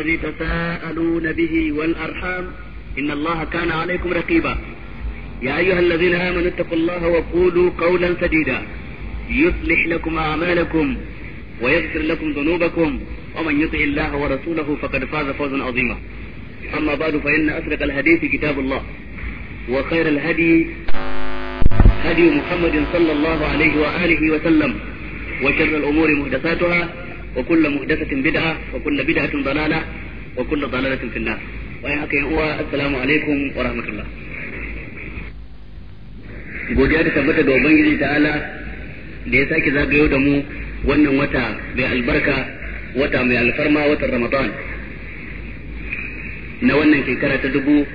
الذي تساءلون به والأرحام إن الله كان عليكم رقيبا يا أيها الذين آمنوا اتقوا الله وقولوا قولا سديدا يصلح لكم أعمالكم ويغفر لكم ذنوبكم ومن يطع الله ورسوله فقد فاز فوزا عظيما أما بعد فإن أسرق الحديث كتاب الله وخير الهدي هدي محمد صلى الله عليه وآله وسلم وشر الأمور محدثاتها وكل محدثة بدعة وكل بدعة ضلالة وكل ضلالة في النار bayan haka uwa assalamu alaikum wa rahmatullah godiya da tabbata da ubangiji ta'ala da ya sake zagayo da mu wannan wata mai albarka wata mai alfarma watan ramadan na wannan shekara ta dubu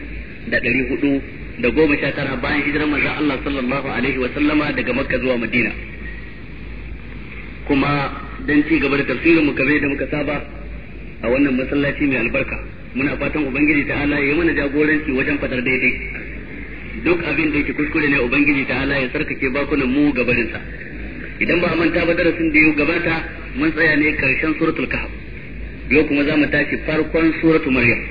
da ɗari hudu da goma sha tara bayan hijirar manzon Allah sallallahu alaihi wa sallama daga makka zuwa madina kuma don ci gaba da tafsirin mu kamar da muka saba a wannan masallaci mai albarka muna fatan ubangiji ta ala ya mana jagoranci wajen fadar daidai duk abin da yake kuskure ne ubangiji ta ala ya sarkake bakunan mu gabarinsa idan ba a manta ba darasin da ya gabata mun tsaya ne karshen suratul kahf yau kuma za mu tashi farkon suratul maryam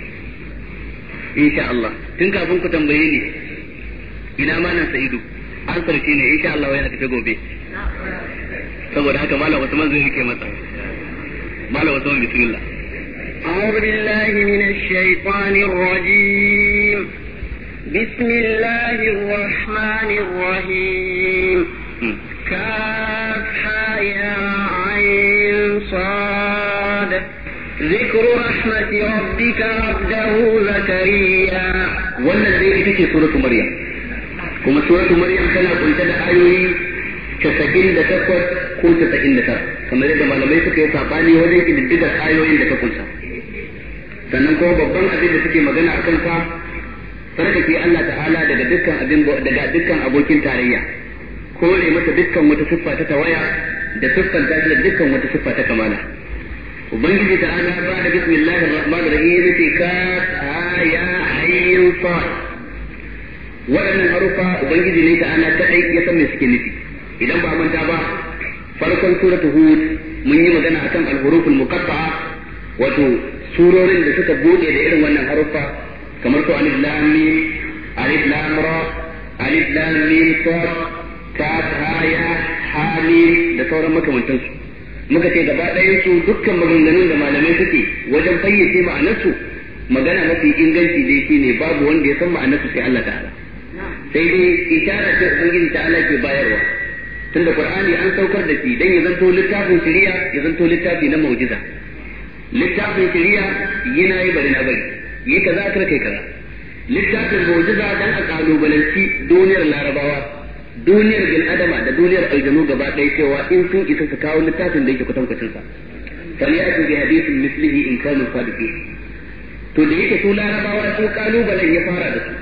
insha Allah tun kafin ku tambaye ni ina ma nan sa'idu an sarki ne insha Allah yana tafi gobe saboda haka malam Usman zai rike masa malam Usman bismillah أعوذ بالله من الشيطان الرجيم بسم الله الرحمن الرحيم كافها يا عين صاد ذكر رحمة ربك عبده زكريا والذي تكي سورة مريم كما سورة مريم كان قلت لها casa'in da takwas ko casa'in da tara kamar yadda malamai suka yi saɓani wajen ƙididdigar ayoyin da ta kunsa sannan kuma babban abin da suke magana a sa sarkake Allah ta'ala daga dukkan abin daga dukkan abokin tarayya kore masa dukkan wata siffa ta tawaya da siffan ta da dukkan wata siffa ta kamala ubangiji ta'ala ba da bismillahir rahmanir rahim fi ka ya ayyin sa waɗannan harufa ubangiji ne ta'ala kadai ya san me suke nufi idan ba manta ba farkon suratu hud mun yi magana akan al-huruful muqatta'a wato surorin da suka bude da irin wannan harufa kamar to alif lam mim alif lam ra alif lam mim sad kaf ha ya ha mim da sauran makamantan su muka ce gaba ɗayan su dukkan maganganun da malamai suke wajen fayyace ma'anarsu magana mafi inganci dai ne babu wanda ya san ma'anarsu sai Allah ta'ala sai dai isharar da ubangiji ta'ala ke bayarwa tunda qur'ani an saukar da shi dan ya zanto littafin shari'a ya zanto littafi na mu'jiza littafin shari'a yana yi bari na bari yi kaza kar kai kaza littafin mu'jiza dan a kalubalanci duniyar larabawa duniyar bil adama da duniyar aljanu gaba ɗaya cewa in sun isa su kawo littafin da yake kwatankwacin sa فليأتوا بحديث mislihi in كانوا صادقين to da yake su larabawa su kalubalen ya fara da su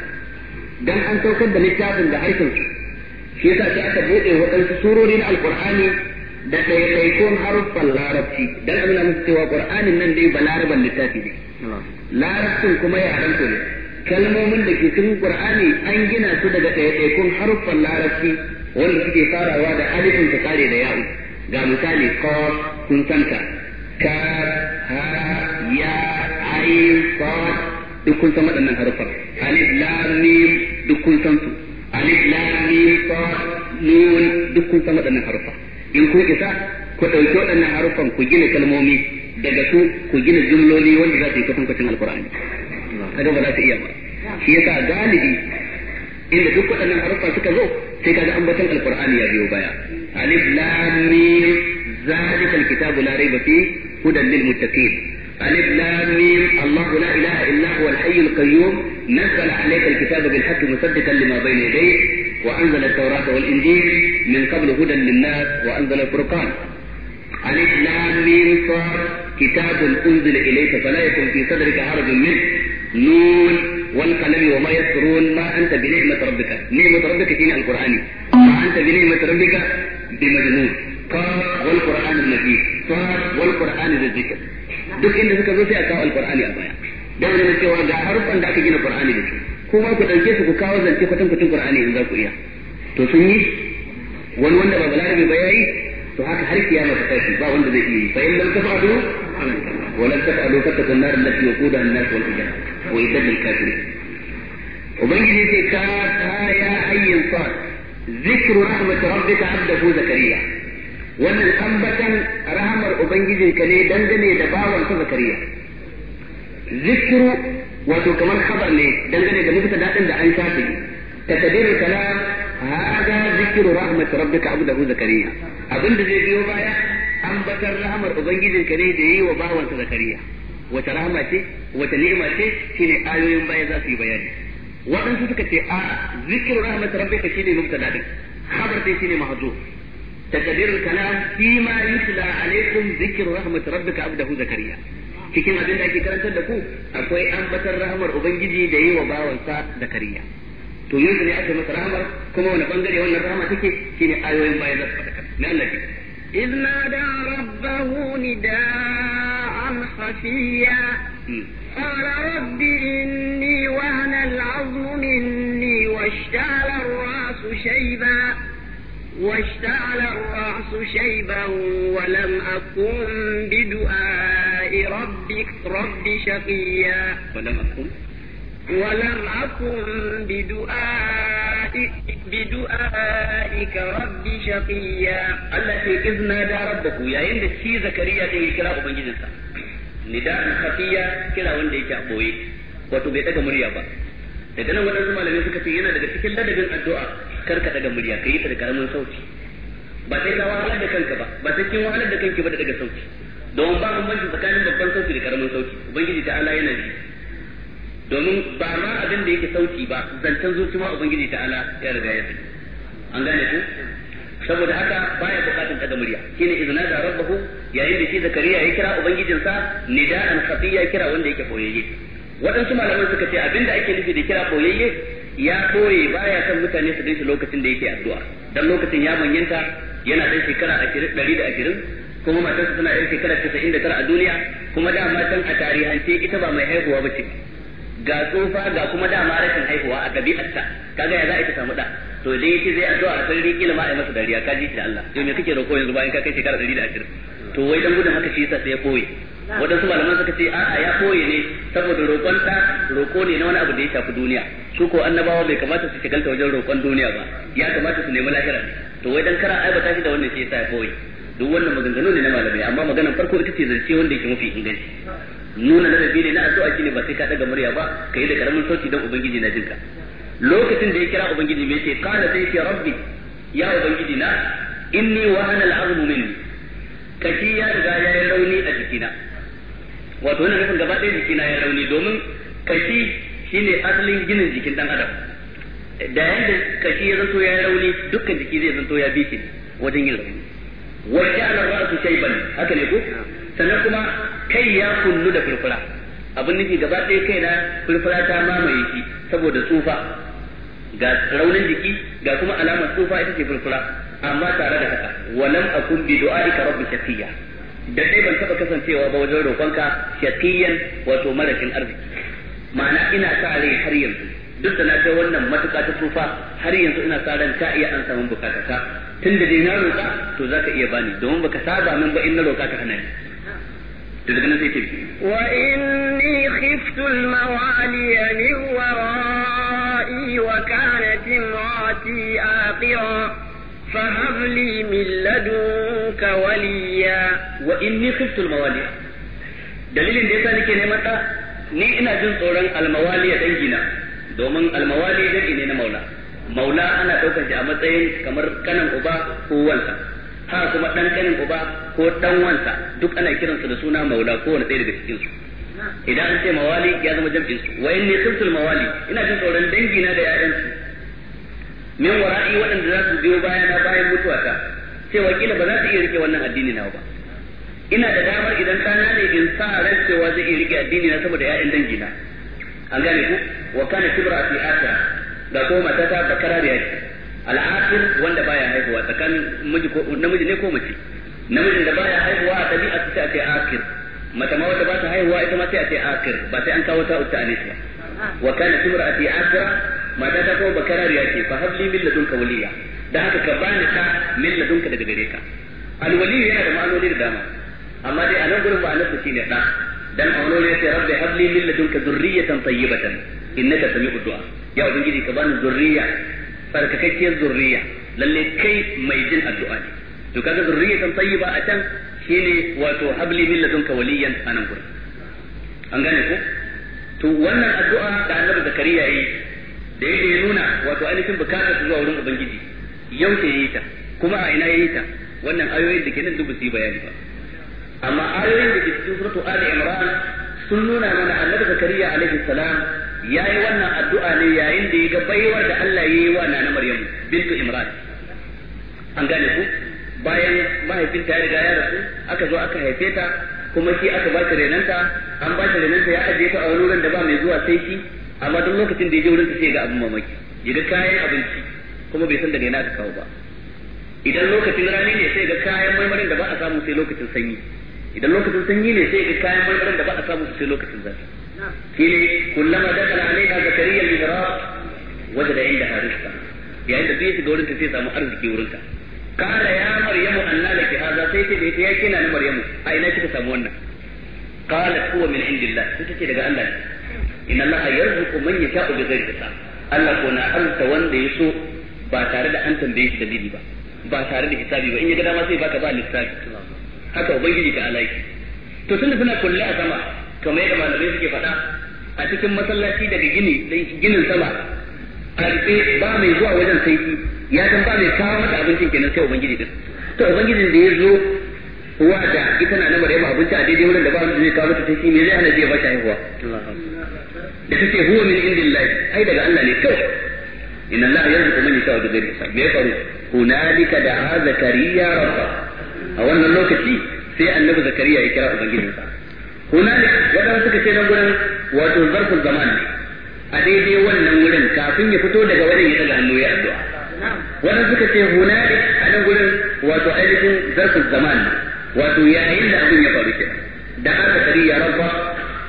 dan an saukar da littafin da harshen su shi yasa sai aka bude waɗansu surori na alqur'ani da ɗaiɗaikun haruffan larabci dan a nuna musu cewa qur'anin nan dai balaraban littafi ne larabcin kuma yaran ne kalmomin da ke cikin qur'ani an gina su daga ɗaiɗaikun haruffan larabci wanda suke farawa da alifin ta kare da ya'u ga misali qaf kun santa ka ha ya ai qaf duk kun san waɗannan haruffan alif lam mim duk kun san su alif lam mim ta nun duk kun san waɗannan haruffa in ku isa ku ɗauki waɗannan haruffan ku gina kalmomi daga su ku gina jumloli wanda za su yi kwatankwacin alkur'ani kada ba za su iya ba shi yasa galibi inda duk waɗannan harufa suka zo sai kaga an ambaton alkur'ani ya biyo baya alif lam mim zalikal kitabu la raiba fi hudan lil muttaqin ألف لام ميم الله لا إله إلا هو الحي القيوم نزل عليك الكتاب بالحق مصدقا لما بين يديه وأنزل التوراة والإنجيل من قبل هدى للناس وأنزل الفرقان ألف لام ميم كتاب أنزل إليك فلا يكن في صدرك عرض منه نون والقلم وما يسطرون ما أنت بنعمة ربك نعمة ربك هنا القرآن ما أنت بنعمة ربك بمجنون قال والقرآن المجيد قال والقرآن ذي الذكر duk inda suka zo sai a kawo alkur'ani a baya dan ne cewa ga harfan da aka gina qur'ani da shi ko ma ku dauke su ku kawo zance kwatan kwatan qur'ani in za ku iya to sun yi wani wanda ba balarabe ba yayi to haka har kiyama ta tashi ba wanda zai yi fa in lam tafadu ولن تفعلوا فاتقوا النار التي وقودها الناس والحجاره وإدد الكافرين وبنجي في كاف يا أي صاد ذكر رحمة ربك عبده زكريا wannan ambatan rahamar ubangiji ka ne dangane da bawan sa zakariya Zikiru wato kamar khabar ne dangane da mutsa dadin da an shafe takdirul kalam hada zikru rahmat rabbika abdahu zakariya abinda zai biyo baya ambatar rahamar ubangijin ka ne da yayi wa bawan sa zakariya wata rahama ce wata ni'ima ce shine ayoyin baya za su yi bayani waɗansu suka ce a zikru rahmat rabbika shine mubtada din khabar dai shine mahzuf تقدير الكلام فيما يتلى عليكم ذكر رحمة ربك عبده زكريا cikin abin da ake karantar da ku akwai ambatar rahamar ubangiji da yi wa bawansa zakariya to yanzu ne aka masa rahamar kuma wani bangare wannan rahama take shine ayoyin bayan da suka daka na Allah ke إذ نادى ربه نداء خفيا قال رب إني وهن العظم مني واشتعل الرأس شيبا واشتعل الرأس شيبا ولم أكن بدعاء ربك رب شقيا ولم أكن ولم أكن بدعاء بدعائك رب شقيا التي إذ نادى ربك يا عند شي زكريا دي كلا أبنجزنسا نداء خفيا كلا وندي كأبوي wato bai لذلك murya ba daga nan waɗansu malamai suka ce karka daga murya ka yi ta da karamin sauti ba sai ka wahalar da kanka ba ba sai kin wahalar da kanki ba da daga sauti domin ba mun banci tsakanin babban sauti da karamin sauti ubangiji ta ala yana ji domin ba ma abin da yake sauti ba zancen zuci ma ubangiji ta ala ya riga ya sani an gane ku saboda haka baya bukatun daga murya shine izna da rabbahu yayin da shi zakariya ya kira ubangijinsa nida'an khafiya kira wanda yake boyayye waɗansu malaman suka ce abinda ake nufi da kira boyayye ya koye baya son mutane su daita lokacin da yake addu'a dan lokacin ya manyanta yana da shekara 120 kuma matarsa tana da shekara 99 a duniya kuma da matan a tarihance ita ba mai haihuwa ba ce ga tsofa ga kuma dama rashin haihuwa a ɗabi'arta kaga ya za a ita samu da to dai yake zai addu'a a sarri kila ma a masa dariya ka ji shi da Allah to me kake roƙo yanzu bayan ka kai shekara 120 to wai dan gudun haka shi yasa sai ya koye wadansu malaman suka ce a'a ya koye ne saboda roƙon ta roƙo ne na wani abu da ya shafi duniya su ko annabawa bai kamata su shigalta wajen roƙon duniya ba ya kamata su nemi lahira to wai dan kara aibata shi da wannan shi yasa ya koye duk wannan maganganu ne na malamai amma maganar farko ita ce zance wanda yake mafi inganci nuna na ladabi ne na addu'a shine ba sai ka daga murya ba kai da karamin sauki dan ubangiji na jinka lokacin da ya kira ubangiji mai ce kana sai ce rabbi ya ubangiji na inni wa ana al'azmu minni kashi ya riga ya yi rauni a jikina wato wannan nufin gaba ɗaya jikina ya rauni domin kashi shine asalin ginin jikin dan adam da yanda kashi ya zanto ya rauni dukkan jiki zai zanto ya biki wajen yin rauni wa kana ra'su shayban haka ne ko sannan kuma kai ya kullu da furfura abin nufi gaba ɗaya kai na furfura ta mamaye shi saboda tsufa ga raunin jiki ga kuma alamar tsufa ita ce furfura amma tare da haka walam akun bi ka rabbi shaqiya da dai ban taba kasancewa ba wajen roƙonka shaqiyan wato marakin arziki ma'ana ina sa rai har yanzu duk da na kai wannan matuƙa ta tsufa har yanzu ina sa ran ka iya an samu bukata ta tun da dai na roƙa to zaka iya bani domin baka saba min ba in na roƙa ka hana ni to daga nan sai ce wa inni khiftu فهب لي من لدنك وليا واني خفت الموالي dalilin da yasa nake neman ني ni ina jin tsoron almawali دومن dangina domin almawali مولا ne na maula maula ana ɗaukar a matsayin kamar kanin uba ko wansa ha kuma ɗan kanin uba ko ɗan wansa duk ana kiransa da suna maula ko wani ɗaya daga cikin idan an ce mawali ya zama jam'in su wa inni khiftul ina jin tsoron dangina da 'ya'yansu. su min wara'i waɗanda za su biyo baya na bayan mutuwata cewa kila ba za su iya rike wannan addini na ba ina da damar idan ɗana ne in sa ran cewa zai iya rike addini na saboda ƴaƴan dangi na an gane ku wa kana kibra fi asra da ko mata ta bakara da yaki al'akir wanda baya haihuwa tsakanin miji ko namiji ne ko mace namijin da baya haihuwa a tabi'a ta ce akir mata ma wanda ba ta haihuwa ita ma sai a ce akir ba sai an kawo ta uta anisiya wa kana kibra fi asra mata ta kuma bakarariya ce fa habli min ladunka waliya da haka ka bani ta min ladunka daga gare ka alwali yana da ma'anoni da dama amma dai a nan gurin ma'anarsa shine da dan a wani ya ce rabbi habli min ladunka zurriyatan tayyibatan innaka sami'ud du'a ya ubangiji ka bani zurriya farkakakkiyar zurriya lalle kai mai jin addu'a ne to kaga zurriyatan tayyiba a can shine wato habli min ladunka waliyan anan gurin an gane ko to wannan addu'a da annabi zakariya yi da yake ya nuna wato ainihin bukatar zuwa wurin ubangiji yaushe yayi ta kuma a ina yayi ta wannan ayoyin da ke nan dubu su ba amma ayoyin da ke cikin suratul ali imran sun nuna mana annabi zakariya alaihi salam yayi wannan addu'a ne yayin da ya ga baiwar da Allah ya yi wa nana maryamu bintu imran an gane ku bayan mahaifinta ya riga ya rasu aka zo aka haife ta kuma shi aka ba shi renanta an ba shi renanta ya ajiye ta a wani wurin da ba mai zuwa sai shi amma duk lokacin da ya je wurin sai ga abin mamaki ya ga kayan abinci kuma bai san daga yana ka kawo ba idan lokacin rani ne sai ga kayan marmarin da ba a samu sai lokacin sanyi idan lokacin sanyi ne sai ga kayan marmarin da ba a samu sai lokacin zafi shine kullama dakala alaiha zakariya al wajen da inda harista yayin da zai shiga wurin ta sai samu arziki wurin ta kala ya maryamu annala laki haza sai ce da ita ya kina ni maryamu a ina kika samu wannan qalat kuwa min indillah sai take daga Allah ne inna allaha yarzuqu man yasha'u bi ghairi hisab Allah ko na arzuta wanda ya so ba tare da an tambaye shi dalili ba ba tare da hisabi ba in ya ga dama sai baka ba lissafi haka ubangiji ta alaiki to tunda suna kulle a sama kamar yadda malamai suke faɗa a cikin masallaci daga gini ginin sama karfe ba mai zuwa wajen saiki ya san ba mai kawo mata abincin kenan sai ubangiji din to ubangijin da ya zo uwa da ita na namar yaba abinci a daidai wurin da ba wanda zai kawo mata sai ne zai hana zai bata haihuwa da ta ce huwa min indillahi ai daga Allah ne kawai inna Allah yarzuqu man yasha'u bighairi hisab me ya faru hunalika da'a zakariya rabba a wannan lokaci sai annabi zakariya ya kira ubangijinsa hunalika wadanda suka ce nan gurin wato zarful zaman ne a daidai wannan wurin kafin ya fito daga wurin ya daga hannu ya addu'a wadanda suka ce hunalika a nan gurin wato ainihin zarful zaman ne wato yayin da abin ya faru ke da aka kari ya rabba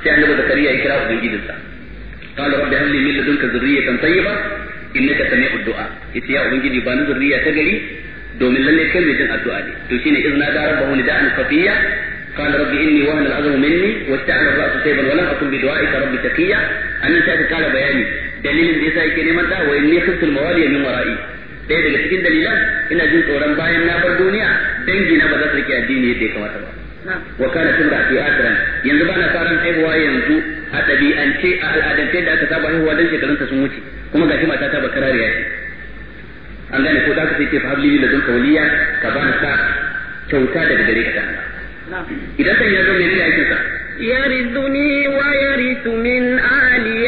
sai an da kari ya kira ubangiji sa qala rabbi hal li min ladunka zurriyatan tayyiba innaka sami'ud du'a ita ya ubangiji ba ban zurriya ta gari domin lalle kai mai jin addu'a ne to shine izna da rabba wani da an safiya qala rabbi inni wahna al'azmu minni wasta'ala ra'su sayban wa lam akun bi du'aika rabbi taqiya annan sai ka kala bayani dalilin da yasa yake neman da wa ne khiftul mawali min wara'i ɗaya daga cikin dalilan ina jin tsoron bayan na bar duniya dangi na ba za su rike addini yadda ya kamata ba wa kana tumra fi akran yanzu bana fara haihuwa yanzu a ɗabi'ance a al'adance da aka saba haihuwa dan ta sun wuce kuma gashi mata ta bakarariya ce an gane ko za ka sai ce fa habli da dunka waliya ka bani sa kyauta daga gare ka idan kan ya zo ne ya yi kyauta. yariduni wa yarisu min ali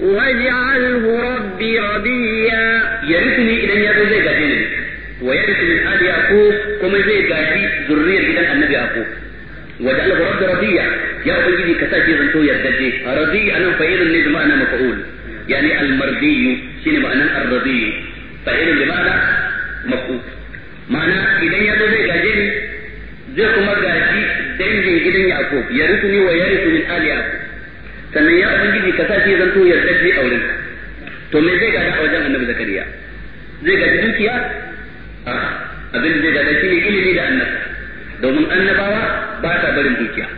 واجعله ربي رضيا يرثني الى يا زي قاتلني ويرث من آل يعقوب كما زي قاتل ذرية إلى النبي يعقوب واجعله ربي رضيا يا أبنجي كتاجي زنتو يردجي رضي أنا فايل اللي بمعنى مفعول يعني المرضي شنو معنى الرضي فإذا بمعنى مفعول معنى إذا يا زي قاتلني زي كما قاتل دنجي إذا يعقوب يرثني ويرث من آل يعقوب sannan ya ubangiji ka sa shi zan to yarda shi auren to me zai gada a wajen annabi zakariya zai gada dukiya abin da zai gada shi ne ilimi da annabi domin annabawa ba ta barin dukiya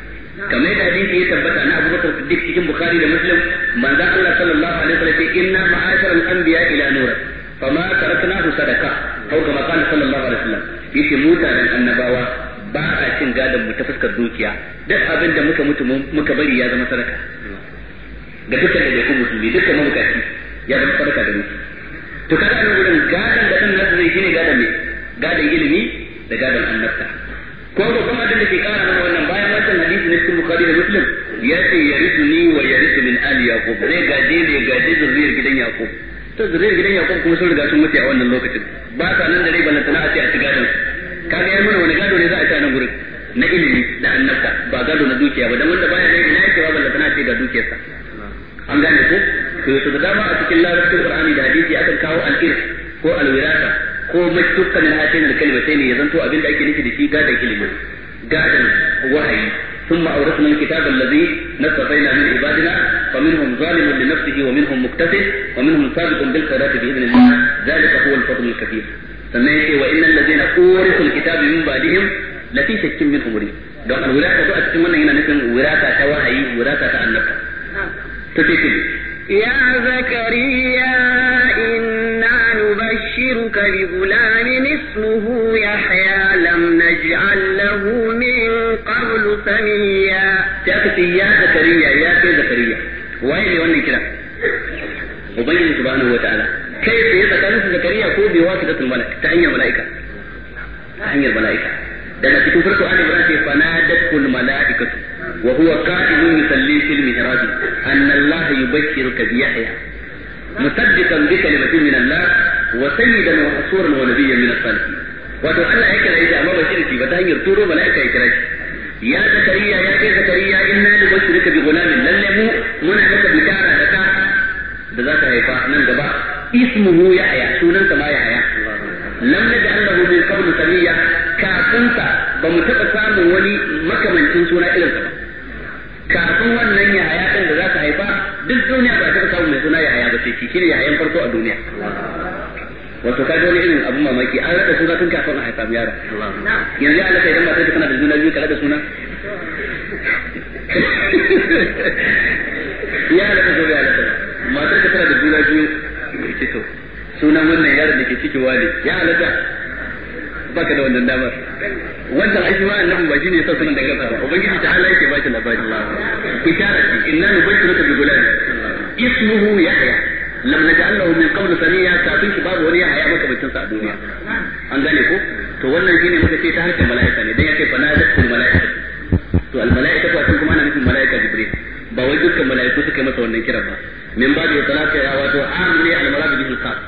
kamar da hadisi ya tabbata na Abu Bakar Siddiq cikin Bukhari da Muslim manzo Allah sallallahu alaihi wasallam inna ma'ashara al-anbiya ila nur fama taraknahu sadaqa ko kama kana sallallahu alaihi wasallam yace mutanen annabawa ba a cin gadon mu ta fuskar dukiya duk abin da muka mutu muka bari ya zama sadaka ga dukkan da yakun musulmi dukkan mabukaci ya zama sadaka da mutu to kada nan wurin gadan da kan nasu zai gine gadan ne gadan ilimi da gadan annabta ko da kuma da ke kara mana wannan bayan wannan hadisi na cikin bukhari da muslim ya ce ni wa yarisu min ali yaqub zai gaje ne gaje zuriyar gidan yaqub to zuriyar gidan yaqub kuma sun riga sun mutu a wannan lokacin ba sa nan da rai balanta na a ce a ci gadan kaga ya nuna wani gado ne za a ci a nan gurin na ilimi da annabta ba gado na dukiya ba dan wanda baya nan ya ce ba balanta na ce ga dukiyarsa an gane ko to yato da dama a cikin larabcin qur'ani da hadisi akan kawo al-irth ko al-wirasa ko mashtukkan hatin al-kalimatain ya zanto abin da ake nufi da shi gadan ilimi gadan wahayi ثم أورثنا الكتاب الذي نستطينا من عبادنا فمنهم ظالم لنفسه ومنهم مكتسب ومنهم سابق بالخيرات بإذن الله ذلك هو الفضل الكبير sannan wa innal ladina urisul kitabi min ba'dihim la fi shakkin minhum murid don al-wirasa to a cikin wannan yana nufin wirasa ta wahayi wirasa ta annabta تتكلم يا زكريا إنا نبشرك بغلام اسمه يحيى لم نجعل له من قبل سميا تأتي يا زكريا يا كي زكريا وين يوني كده وبين سبحانه وتعالى كيف يتكلم زكريا هو بواسطة الملك تأني ملائكة تأني الملائكة ده في كفرته أنا براسي فنادته الملائكة وهو قائل يصلي في المهراب أن الله يبشرك بيحيى مصدقا بكلمة من الله وسيدا وحصورا ونبيا من الصالحين wato Allah ya kira shi amma ba shirki ba ta hanyar turo mala'ika ya kira shi ya zakariya ya kai zakariya inna li bashrika bi ghulamin lalle mu muna maka bishara da ka da za ka haifa nan gaba ismuhu yahya sunan sa ma yahya lam naj'al lahu min qablu samiyya kafin sa ba mu taba samun wani makamancin suna irin sa ba kafin wannan yahaya din da za ka haifa duk duniya ba ta samu mai suna yahaya ba sai ki ne yayan farko a duniya wato ka ji irin abun mamaki an rada suna tun kafin a haifa yara yanzu ya alaka idan ba sai kana da juna biyu ka rada suna ya alaka zo ya alaka matar ka tana da juna biyu mai kito sunan wannan yaron da ke ciki wali ya alaka baka da wannan damar wannan ai ma annabi ba shine yasa sunan da kansa ba ubangiji ta Allah yake ba labari bishara inna nubashiruka bi gulam ismuhu yahya lam naj'al min qabl saniya kafin shi babu wani yahya maka bacin sa a duniya an gane ko to wannan shine muka ce ta harkar mala'ika ne dan yake fa na zakul mala'ika to al mala'ika ko kuma na nufin mala'ika jibril ba wai dukkan mala'iku suka yi masa wannan kiran ba min ba da talaka ya wato amri al mala'ika bil qas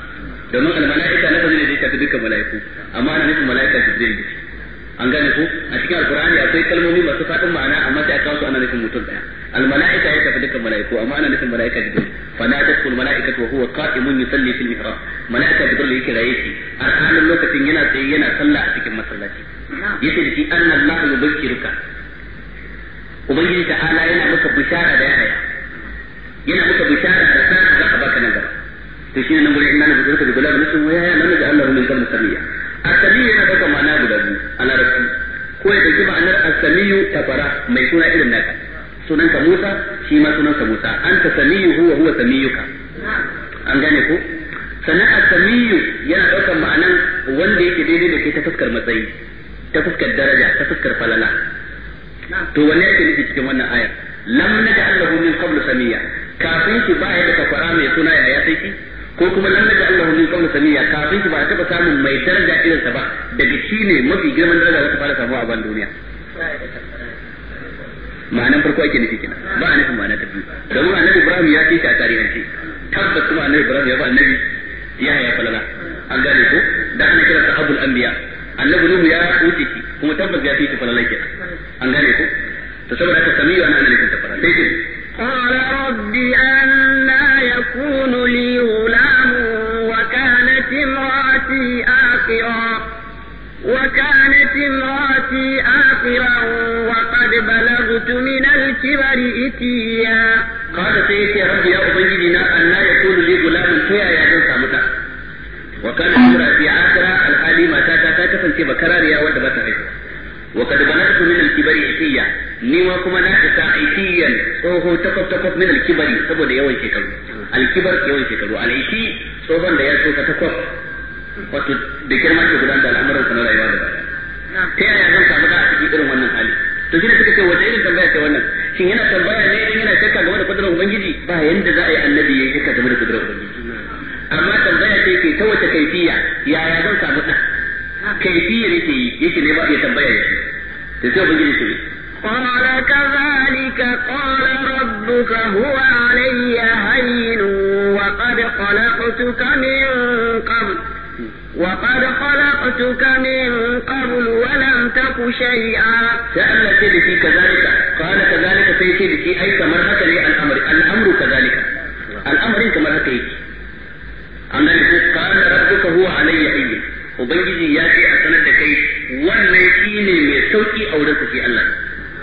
domin al mala'ika na ne da yake dukkan mala'iku amma na nufin mala'ika jibril an gane ku a cikin alqur'ani akwai kalmomi masu fadin ma'ana amma sai aka ana nufin mutum daya almalaika ya tafi dukkan malaiku amma ana nufin malaika huwa qa'imun yusalli fil mihrab malaika yake raye shi a halin lokacin yana tsaye yana sallah a cikin masallaci yace da shi annallahu yubashiruka ubangiji ta'ala yana maka bishara da yaya yana maka bishara da za ka baka nan gurin inna waya nan da Allah kan asali yana daga ma'ana guda biyu a larabci ko ya dauki ma'anar asaliyu tafara mai suna irin naka sunanka Musa shi ma sunanka Musa anta samiyu huwa huwa samiyuka an gane ko sannan asamiyu yana daukar ma'anan wanda yake daidai da ke ta fuskar matsayi ta fuskar daraja ta fuskar falala to wanne yake nufi cikin wannan aya, lam naj'al lahu min qablu samiya kafin shi ba ya da kafara mai suna ya ya sai ko kuma lam da Allah min kuma samiya kafin ki ba taba samun mai daraja irin sa ba daga shi ne mafi girman daraja da ta fara samu a ban duniya ma'anan farko ake nufi kina ba a nufin ma'ana ta biyu mun annabi Ibrahim ya ce a tarihin tabbas kuma annabi Ibrahim ya ba annabi ya haya falala an gane ko da ana kira sa abul anbiya annabi Nuhu ya wuce ki kuma tabbas ya fi falala kenan an gane ko to saboda ka samiya ana nufin ta fara. sai قال رب أن لا يكون لي غلام وكانت امرأتي آخرا وكانت امرأتي آخرا وقد بلغت من الكبر إتيا قال سيدي رب يا أبنجدنا أن لا يكون لي غلام فيا يا أنسى متى وكانت امرأتي آخرا الحليمة تاتا تاتا تاتا تاتا تاتا تاتا عيسى wa kad balagtu min al-kibari atiya ni wa kuma na isa atiyan tsoho takwas takwas min al-kibari saboda yawan shekaru al-kibar yawan shekaru al-ishi tsohon da ya tsoka takwas wato da girma ke gudanar da al'amuran sa da rayuwa ta yaya zan samu da a cikin irin wannan hali to shi ne suka ce wata irin tambaya ce wannan shin yana tambaya ne in yana shakka game da kudurar ubangiji ba yanda za a yi annabi ya yi shakka game da kudurar ubangiji amma tambaya ce ke ta wace kaifiya yaya zan samu da kaifiya kaifiyar ke yi yake ne ba ya tambaya ne. tafiya ba gidi kuri. Kwamara ka zalika kwanan rabu ka huwa hayinu wa kada kwanan kutu kamin kabu. Wa kada kwanan kutu kamin kabu walan ta ku Allah ce da ka zalika, kwanan ka zalika sai ce da shi haka ne al'amari, al'amuru Al'amarin kamar haka yake. Amma ne ko kwanan rabu ka hayinu. ubangiji ya ce a sanar da kai wannan shi ne mai sauki a wurin shi Allah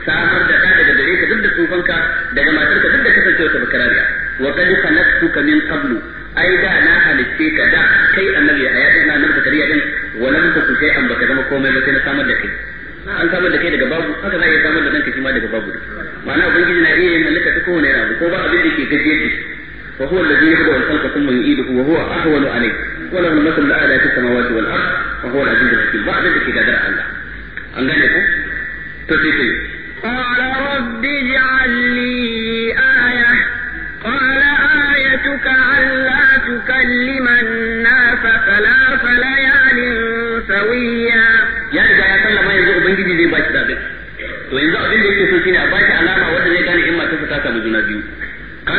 samar da ɗa daga gare ka duk da tsofanka daga matarka duk da kasancewa ka bakararriya. wa su ka min kablu. ai da na halitte ka da kai annabi a yaƙi na nan bakariya din wa lam sai an baka zama komai ba sai na samar da kai an samar da kai daga babu haka za a iya samar da ka shi ma daga babu ma'ana ubangiji na iya yin mallaka ta kowane abu ko ba abin da ke gajiyar da وهو الذي يبدأ الخلق ثم يعيده وهو أهون عليه وله المثل الأعلى في السماوات والأرض وهو العزيز الحكيم بعد ذلك إذا درع الله أن ذلك تسيطي قال رب اجعل لي آية قال آيتك ألا تكلم الناس ثلاث ليال سويا يعني إذا يسلم ما يزوء بنجي زي باش دابت وإن ذا أبين ذلك سوكين أباش علامة وإذا يجاني إما تفتاك مجنى بيوت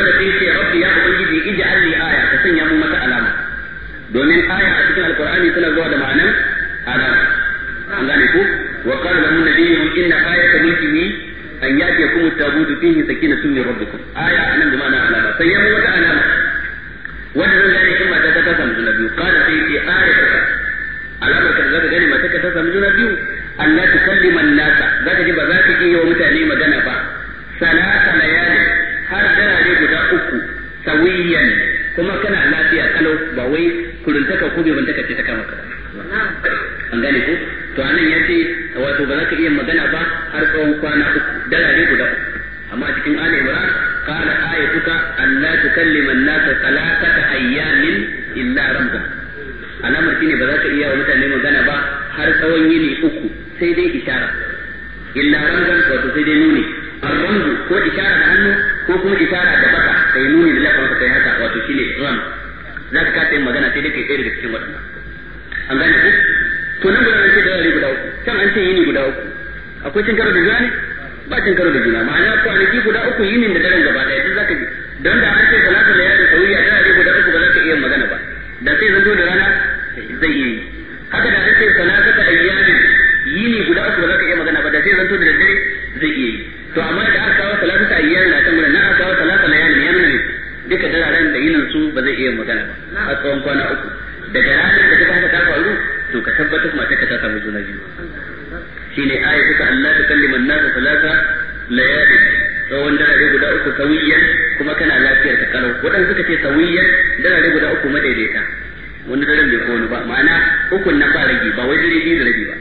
ta'ala sai ce rabbi ya ubangiji ij'al li aya ka sanya mun mata alama domin aya a cikin alqur'ani tana zuwa da ma'anar alama an gane ku wa qala lahum nabiyyu inna ayata mulkihi an yati at-tabutu fihi sakinatun min rabbikum aya anan da ma'ana alama sanya mun mata alama wanda zan gane kuma ta ta san da biyu qala sai ce aya ta alamar ka zaka gane mata ta san juna biyu Allah ta kallima nasa zaka ji ba za ka iya wa mutane magana ba salata layali har da uku sawiyan kuma kana lafiya kalau ba wai kuruntaka ko bai bantaka ce ta kama ka an gane ko to anan ya ce wato ba za ka iya magana ba har tsawon kwana uku dala ne guda amma cikin ali imran qala ayatuka an la tukallima an-nasa thalathata ayyamin illa ramza alamar shine ba za ka iya mutane magana ba har tsawon yini uku sai dai isharar illa ramzan wato sai dai nuni والرمز ko ishara da hannu ko kuma ishara da baka kai nuni da lafafa kai haka wato shine ram za ka kasa yin magana sai dai kai tsaye daga cikin waɗannan an gane ku to nan guda an ce da yare guda uku can an ce yini guda uku akwai cin karo da juna ne ba cin karo da juna ma'ana kwanaki guda uku yinin da daren gaba ɗaya duk za ka ji don da an ce salatu da yare sauyi a dare guda uku ba za ka iya magana ba da sai zo da rana zai yi haka da an ce salatu da ayyamin yini guda uku ba za ka iya magana ba da sai zo da daddare zai iya yi to amma da aka kawo talata ta ayyan na kan na aka kawo talata na yan yan ne duka dararen da yinin su ba zai iya magana ba a tsawon kwana uku daga ranar da kuka haka ta faru to ka tabbatar mata ka ta samu juna biyu shine ayat suka Allah ta kallima an talata salata layali tsawon darare guda uku sawiyan kuma kana lafiyar ka kalau wadanda suka ce sawiyan darare guda uku madaidaita wani daren bai kowani ba ma'ana hukun nan ba rage ba wai dare da rabi ba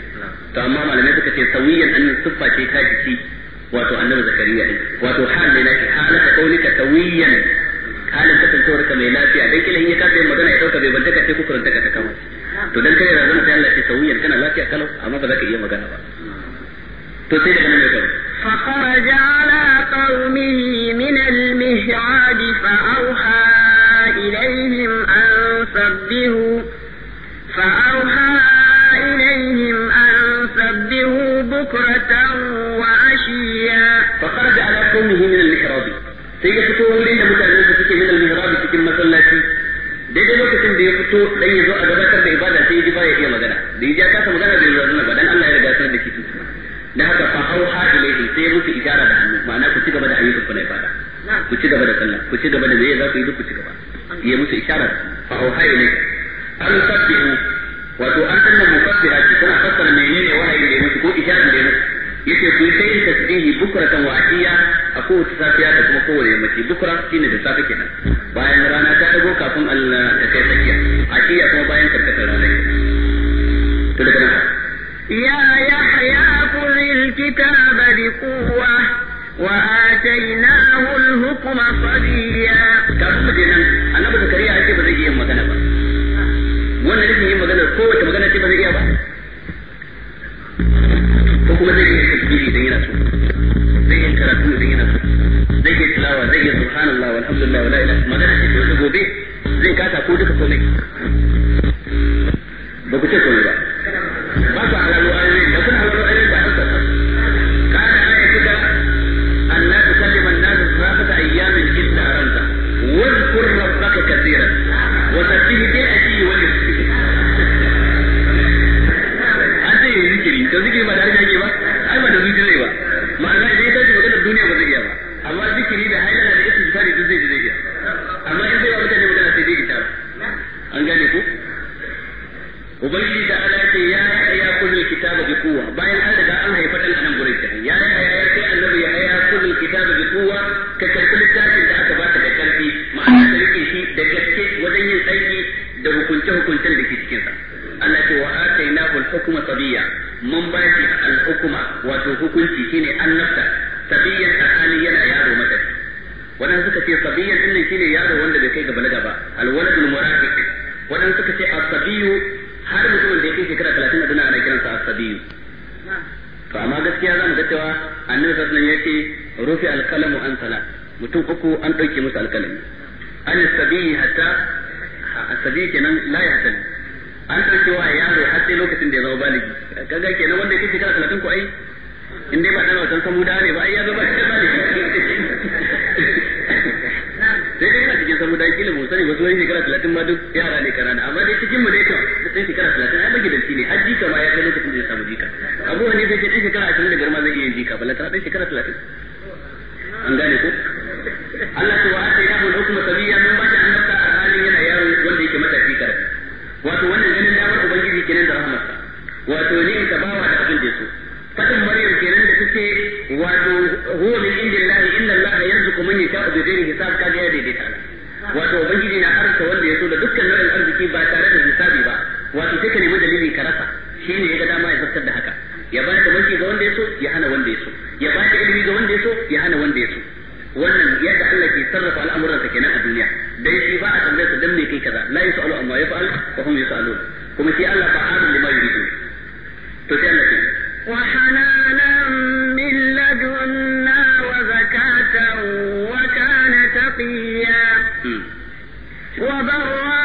to amma malamai suka ce sawiyan annin siffa ce ta jiki واتو زكريا واتو حال لله حال كقولك تويا حال انت تنتور كما لا في عليك لا هي كاتب المدن ايتوك ببنتك تكو كرنتك تكو تو دنك يا رجل في الله تويا كان لا في اكلو اما بذلك ايام مغانا تو سيدي كنا فخرج على قومه من المهعاد فأوحى إليهم أن سبهوا فأوحى إليهم أن سبهوا بكرة fa kharaja ala qaumihi min al-mihrab sai ya fito wurin da mutane su suke min al-mihrab cikin masallaci daidai lokacin da ya fito dan ya zo a gabatar da ibada sai ya ji baya iya magana da ya ta magana da ya zo ba dan Allah ya riga sanar da shi da haka fa auha ilayhi sai ya musu ijara da hannu ma'ana ku ci gaba da ayyukan ku na ibada ku ci gaba da sallah ku ci gaba da zai za ku yi duk ku ci gaba ya musu ijara fa auha ilayhi an sabbihu wato an tanna mufassira ce tana fassara menene wahayin da ya musu ko ijaran da ya musu yace ku yi tayin tasbihi bukratan wa asiya a kowace safiya da kuma kowace yammaci bukra shine da safe kenan bayan rana ta dago kafin Allah ta kai ta tsakiya asiya kuma bayan karkatar rana to daga nan ya yahya qul kitaba bi quwwa wa atainahu al-hukma sabiya kafin mu kenan annabi zakariya ake ba zai iya magana ba wannan nufin yin magana kowace magana ce ba zai iya ba ko kuma zai iya tasbihi idan yana so zai iya karatu idan yana so zai iya tilawa zai iya subhanallah walhamdulillah wala ilaha illa magana ce ko gobe zai kasa ko duka komai ba ku ce komai ba ba ku halalo ayoyi da kuna halalo zikiri ba da ba ai ba da zuciya zai ba ma'ana idan ya tashi duniya ba zai iya ba amma zikiri da da duk zai zai iya amma in zai wa mutane magana sai dai ita an gane ku ubangiji da ala ce ya ya kullu kitaba bi quwwa bayan an daga an haifa dan anan gurin kenan ya ya ya sai annabi ya ya kullu kitaba bi quwwa ka da aka baka da karfi ma'ana da rike shi da gaske wajen yin aiki da hukunce hukuncen da ke cikin sa Allah ce wa atainahu al-hukma mun ba shi al'ukuma wato hukunci shine annabta sabiyan a hali yana yaro mata wadanda suka ce sabiyan din shine yaro wanda bai kai ga balaga ba alwaladul waladul murafiq wadanda suka ce asabiyu sabiyu har mutumin da ya kai shekara 30 a duniya ana kiransa as-sabiyu to amma gaskiya zamu ga cewa annabi sallallahu alaihi wasallam yake rufi alqalamu an sala mutum uku an dauke musu alqalami an sabiyi hatta sabiyi kenan la yahtadi an ɗauke wa yaro har sai lokacin da ya zama baligi kaga kenan wanda yake shekara talatin ko ai in dai ba ɗan wasan samu da ne ba ai ya zama cikin baligi sai dai cikin samu da kila mu sani wasu wani shekara talatin ma duk yara ne karana amma dai cikin mu dai kan sai shekara talatin ai magidanci ne har jika ma ya kai lokacin da ya samu jika abu wani sai ɗan shekara ashirin da biyar ma zai iya jika balantana ɗan shekara talatin an gane ko Allah ta wa'ata ya hul hukuma sabiyya min ba an annabta wato wannan ganin damar ubangiji kenan da rahmarsa wato ne ta bawa da abin da su fadin maryam kenan da take wato huwa min indillahi inna yanzu yarzuqu man yasha'u bi ghairi hisab ka ga daidai ta wato ubangiji na arsa wanda ya so da dukkan nau'in arziki ba tare da hisabi ba wato sai ka nemi dalili ka rasa shine ya ga dama ya fassar da haka ya ba ka mulki ga wanda ya so ya hana wanda ya so ya ba ka ilimi ga wanda ya so ya hana wanda ya so wannan yadda Allah ke sarrafa al'amuransa kenan a duniya dai shi ba a tambaye su dan me kai kaza la yusalu amma yaf'al wa hum yusalun kuma shi Allah fa'alun lima yuridu to sai Allah ke وحنانا من لدنا وزكاة وكان تقيا وبرا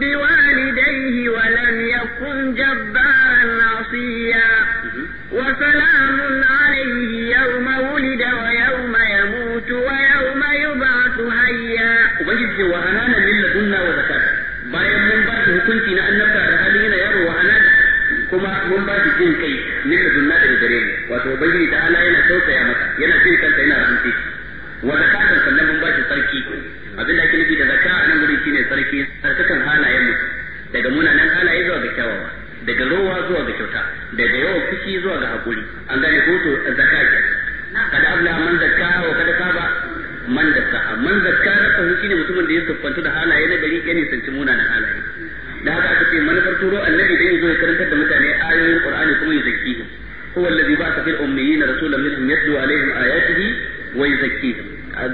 بوالديه ولم يكن جبارا عصيا وسلام عليه يوم ولد ويوم ubangiji ce wa ladunna wa zakat bayan mun ba shi hukunci na annabta da halin yana yaro wa kuma mun ba shi jin kai ladunna da wato ubangiji ta ala yana tausaya masa yana jin kanta yana rahmti wa sannan mun ba da ake nufi da a nan gurin shine sarki halayen mu daga munanan halaye zuwa ga kyawawa daga rowa zuwa ga kyauta daga yawan fushi zuwa ga hakuri an gane ko to zakka da abla man zakka wa kada ba man zakkaha man zakka na sahu shine mutumin da ya siffanta da halaye na gari ya nisanci munanan halaye da haka aka ce manufar turo annabi da yazo ya karantar da mutane ayoyin qur'ani kuma ya zakkihi huwa allazi ba'atha fil ummiyina rasulan minhum yatlu alaihim ayatihi wa yuzakkihim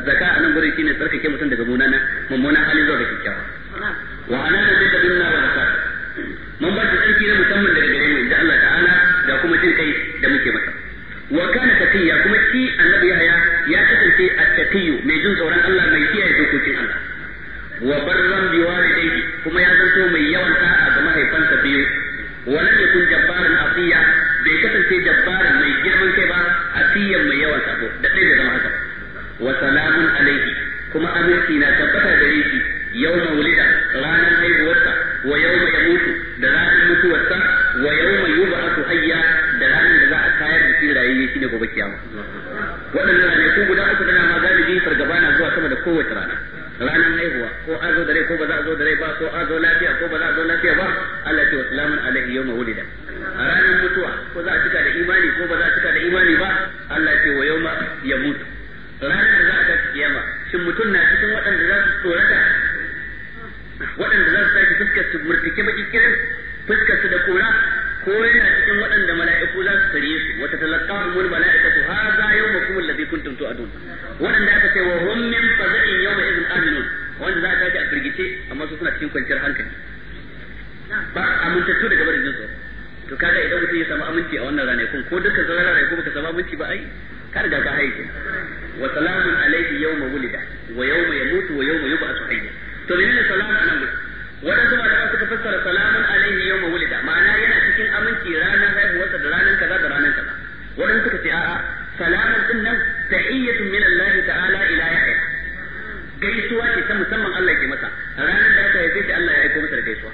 zakka anan gurin shine tsarkake mutum daga munanan mummunan hali zuwa ga kyakkyawa wa anana bika binna wa zakka mun ba da tsarki musamman daga gare da Allah da kuma jin kai da muke wa da taqiya kuma shi annabi Yahya ya kasance a tafiyu mai jin tsoron Allah mai kiyaye dokokin Allah wa barran bi walidayhi kuma ya zanto mai yawan ta'a ga mahaifansa biyu wa lam yakun jabbaran asiya bai kasance jabbaran mai girman kai ba asiyan mai yawan sabo da dai da kuma aminci na tabbata gare shi yawma wulida ranar haihuwarsa wa yawma yamutu da ranar mutuwarsa wa yawma yub'athu hayya cikin rayuwa shine gobe kiyama waɗannan rane ko guda aka dana ma galibi fargaba na zuwa sama da kowace rana ranar haihuwa ko a zo da rai ko ba za a zo da rai ba ko a zo lafiya ko ba za a zo lafiya ba Allah ce wa salamun alaihi yawma wulida a ranar mutuwa ko za a cika da imani ko ba za a cika da imani ba Allah ce wa yawma ya mutu ranar da za a tafi kiyama shin mutum na cikin waɗanda za su tsorata waɗanda za su tashi fuskar su murtike baki kirin fuskar su da kura ko yana cikin waɗanda mala'iku za su tare su wata talaqahumul mala'ikatu hadha yawmukum alladhi kuntum tu'adun waɗanda aka ce wa hum min faza'in yawma idhin aminun wanda za a tashi a firgice amma su suna cikin kwanciyar hankali ba amintattu daga barin jin to kaga idan mutum ya samu aminci a wannan ranakun ko dukkan ranar kuma baka samu aminci ba ai ka riga ka haihu wa salamun alayhi yawma wulida wa yawma yamutu wa yawma yub'athu hayya to menene salamun anan waɗansu malaman suka fassara salamun alaihi yau wulida ma'ana yana cikin aminci ranar haihuwarsa da ranar kaza da ranar kaza waɗansu suka ce a'a salamun din nan tahiyyatun min Allah ta'ala ila yahya gaisuwa ce ta musamman Allah ke masa ranar da aka haife Allah ya aiko masa da gaisuwa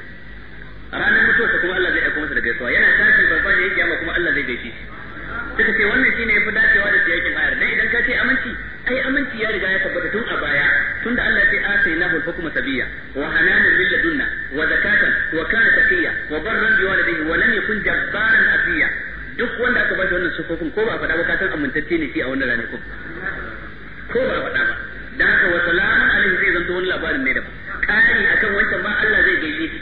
ranar mutuwa kuma Allah zai aiko masa da gaisuwa yana tashin farfa da yake amma kuma Allah zai gaishe shi suka ce wannan shine yafi dacewa da siyakin ayar dai idan ka ce aminci ai aminci ya riga ya tabbata tun a baya tun da Allah ya ce na hul hukuma sabiyya wa hananan lil ladunna wa zakatan wa kana taqiyya wa barran bi walidayhi wa lam yakun jabbaran asiya duk wanda aka bashi wannan sufofin ko ba faɗa ba ka san amintacce ne shi a wannan ranar ko ko ba faɗa ba da haka wa salamun alaihi zai zanto wani labarin ne da ba ƙari akan wancan ba Allah zai gaishe shi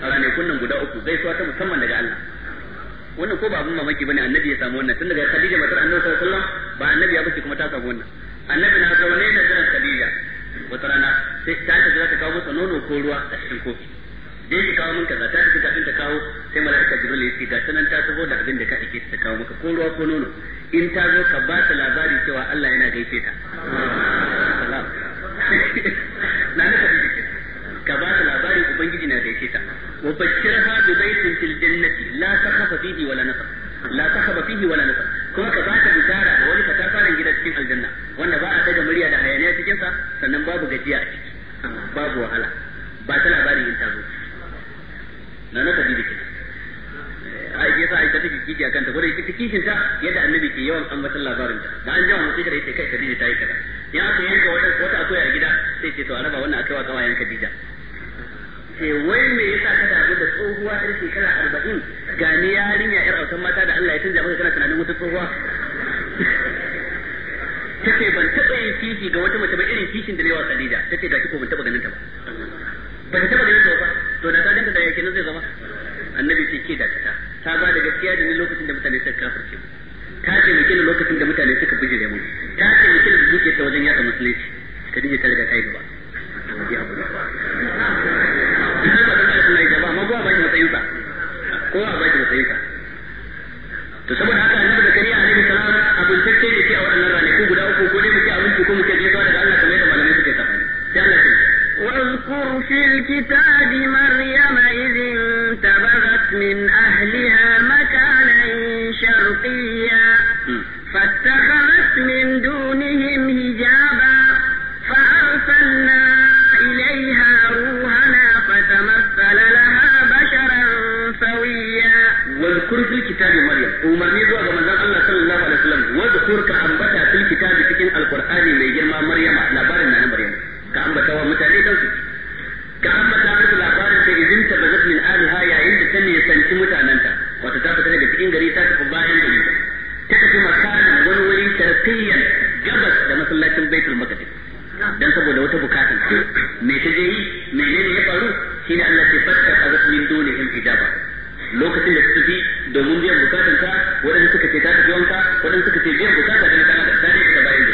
a ranar kunnan guda uku gaisuwa ta musamman daga Allah wannan ko ba abin mamaki bane annabi ya samu wannan tunda ga Khadija matar annabi sallallahu alaihi wasallam ba annabi ya bace kuma ta samu wannan annabi na zaune da jiran Khadija wata rana sai ta ta za ta kawo masa nono ko ruwa a cikin kofi dai ki kawo min kaza ta tafi kafin ta kawo sai malaika Jibril ya ce ga sanan ta taho da abin da ka ake ta kawo maka ko ruwa ko nono in ta zo ka ba ta labari cewa Allah yana gaishe ta na nufa ka ba ta labari ubangiji na gaishe ta وبشرها ببيت في الجنة لا تخف فيه ولا نفر لا تخف فيه ولا نفر كما ka بسارة وولي da wani katafaren gida cikin aljanna wanda ba a daga murya da hayaniya cikin sa sannan babu gajiya a ciki babu wahala ba ta labarin yin tazo na na sa aisha take kiki akan ta gurin kiki kishin ta yadda annabi ke yawan ambatan labarin ta da an jawo mutum da yake kai kadija ta yi kada ya aka yanka wata wata akwai a gida sai ce to araba wannan akai wa kawayen kadija ce wai me yasa ka damu da tsohuwa ɗin shekara arba'in ga ni yarinya yar autan mata da Allah ya canja maka kana tunanin wata tsohuwa ta ce ban taɓa yin kishi ga wata mace ba irin kishin da na Khadija ta ce kiko ko ban taɓa ganin ta ba ba ta taɓa ganin ta ba to da ta danta da yake nan zai zama annabi sai ke da ta ta ba da gaskiya da ni lokacin da mutane suka kafirce mu ta ce mutum lokacin da mutane suka bijire mu ta ce mutum da duke ta wajen yaɗa musulunci Khadija ta riga ta yi ba idan ba zai Allah ya ba amma ba ba matsayin sa ko ba shi matsayin sa to saboda haka annabi zakariya alaihi salam abin tacce da ke a wannan ko guda uku ko dai muke abinci ko muke gaisuwa daga Allah kamar yadda malamai suke ta sai Allah ya واذكر في الكتاب مريم إذ انتبذت من أهلها مكانا شرقيا فاتخذت من دونهم هجابا umarni zuwa ga manzon Allah sallallahu alaihi wasallam wa zukur ka ambata fil kitabi cikin alqur'ani mai girma maryama labarin nan maryama ka ambata wa mutane dan su ka ambata musu labarin da idin ta bazat min aliha yayin da ta ne mutanen ta wato ta fita daga cikin gari ta tafi bayan gari ta tafi makanan wani wuri gabas da masallacin baitul maqdis dan saboda wata bukata me ta je yi menene ya faru ne Allah ya fassara azat min dunihim hijaba lokacin da suka ji domin biyan bukatan ta wadanda suka ce ta tafi wanka wadanda suka ce biyan bukata ta kana da tsari da bayin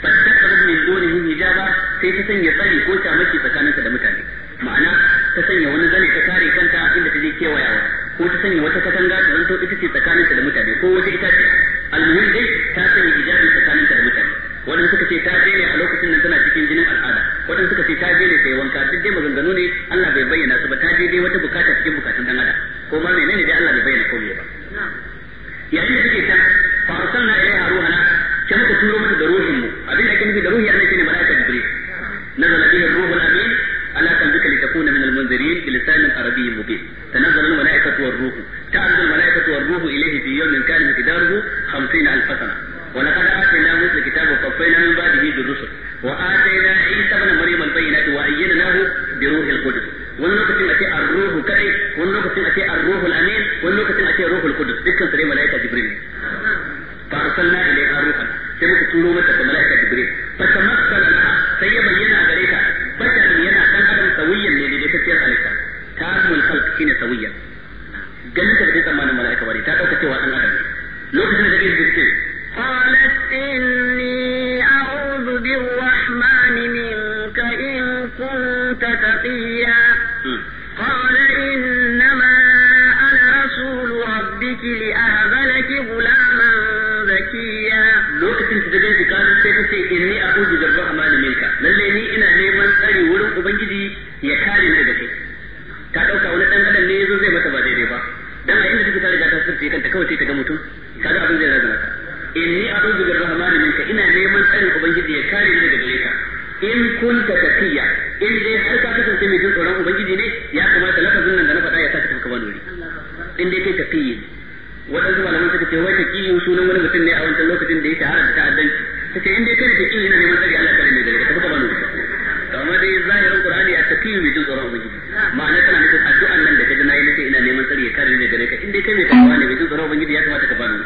da fatakar min dunihim hijaba sai ta sanya tsari ko ta mace tsakaninta da mutane ma'ana ta sanya wani zane ta kare kanta inda ta je kewayawa ko ta sanya wata katanga ta zanto ita ce tsakaninta da mutane ko wata ce almuhim dai ta sanya hijabi tsakaninta da mutane wadanda suka ce ta je ne a lokacin nan tana cikin jinin al'ada wadanda suka ce ta je ne ta yi wanka duk dai maganganu ne Allah bai bayyana su ba ta je dai wata bukata cikin bukatun dan adam هما من اللي بيعلم كل يوم يعني في كيسة فارسلنا إليها روحنا كما تكونوا من دروهم ابي لكن في دروه يعني في ملاك جبريل نزل فيه الروح الأمين ألا تنبك لتكون من المنذرين بلسان عربي مبين تنزل الملائكة والروح تعرض الملائكة والروح إليه في يوم كان مقداره خمسين ألف سنة ولقد آتينا موسى الكتاب وقفينا من بعده بالرسل وآتينا عيسى بن مريم البينات وأيدناه بروح القدس wani lokacin a ce ar-ruhu kadai wani lokacin a ce ar-ruhu al-amin wani lokacin a ce ruhul dukkan su dai malaika jibril ne fa arsalna ilayha ruhan sai muka turo mata da malaika jibril fa tamassala laha sai ya bayyana gare ta basharan yana kan adam sawiyan ne da take halitta ta tamul khalq shine sawiyan ganin ta da tsammanin malaika bare ta dauka cewa dan adam lokacin da take zuke قالت إني أعوذ بالرحمن منك إن كنت تقيا anti li'ahzalaki gulaman zakiya lokacin da zai bukatar sai kace inni a'udhu bi rahmani minka lalle ni ina neman tsari wurin ubangiji ya kare ni daga kai ka ɗauka wani dan adam ne zo zai mata ba daidai ba dan da inda take ta riga ta sirce kanta kawai sai ta ga mutum kaga abin zai razana ka inni a'udhu bi rahmani minka ina neman tsari ubangiji ya kare ni daga gare ka in kunta tafiya. in dai har ka kasance mai jin tsoron ubangiji ne ya kamata lafazin nan da na faɗa ya sa saka tafi wani wuri in dai kai taqiyi waɗansu malamai suka ce wai taqiyyun sunan wani mutum ne a wancan lokacin da ya shahara da ta'addanci suka in dai kai taqiyyun yana neman tsari Allah kare mai ne gare ka tafi gaban to amma dai zahirin qur'ani a taqiyyun mai jin tsoron ubangiji ma'ana tana nufin addu'an nan da ka ji na yi nake ina neman tsari ya kare ne gare ka inda dai kai mai takawa ne mai jin tsoron ubangiji ya kamata ka bani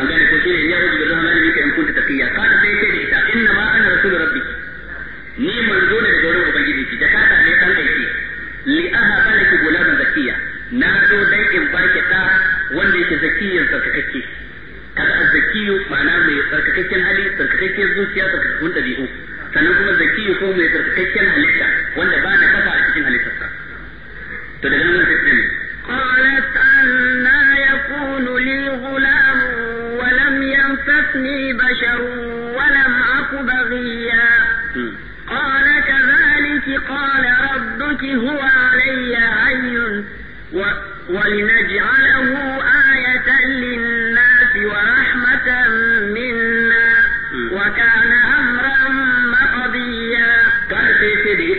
an gane ko shine ya wuce da na ne ka in kunta taqiyya kada sai kai da ita inna ma ana rasul rabbi ni manzo ne daga wurin ubangiji ki da ka ta ne kan aiki li aha kana ki gulaman zakiya na zo dai in baki ta wanda yake zakiyin tsarkakakke al-zakkiyu ma'ana mai tsarkakakken hali tsarkakakken zuciya tsarkakakkun ɗabi'u sannan kuma zakiyu ko mai tsarkakakken halitta wanda ba da kafa a cikin halittarsa to daga nan sai ce قالت أنا يكون لي غلام ولم يمسسني بشر ولم أك بغيا قال كذلك قال ربك هو علي عين ولنجعله آية للناس ورحمة منا وكان أمرا مقضيا قال سيدي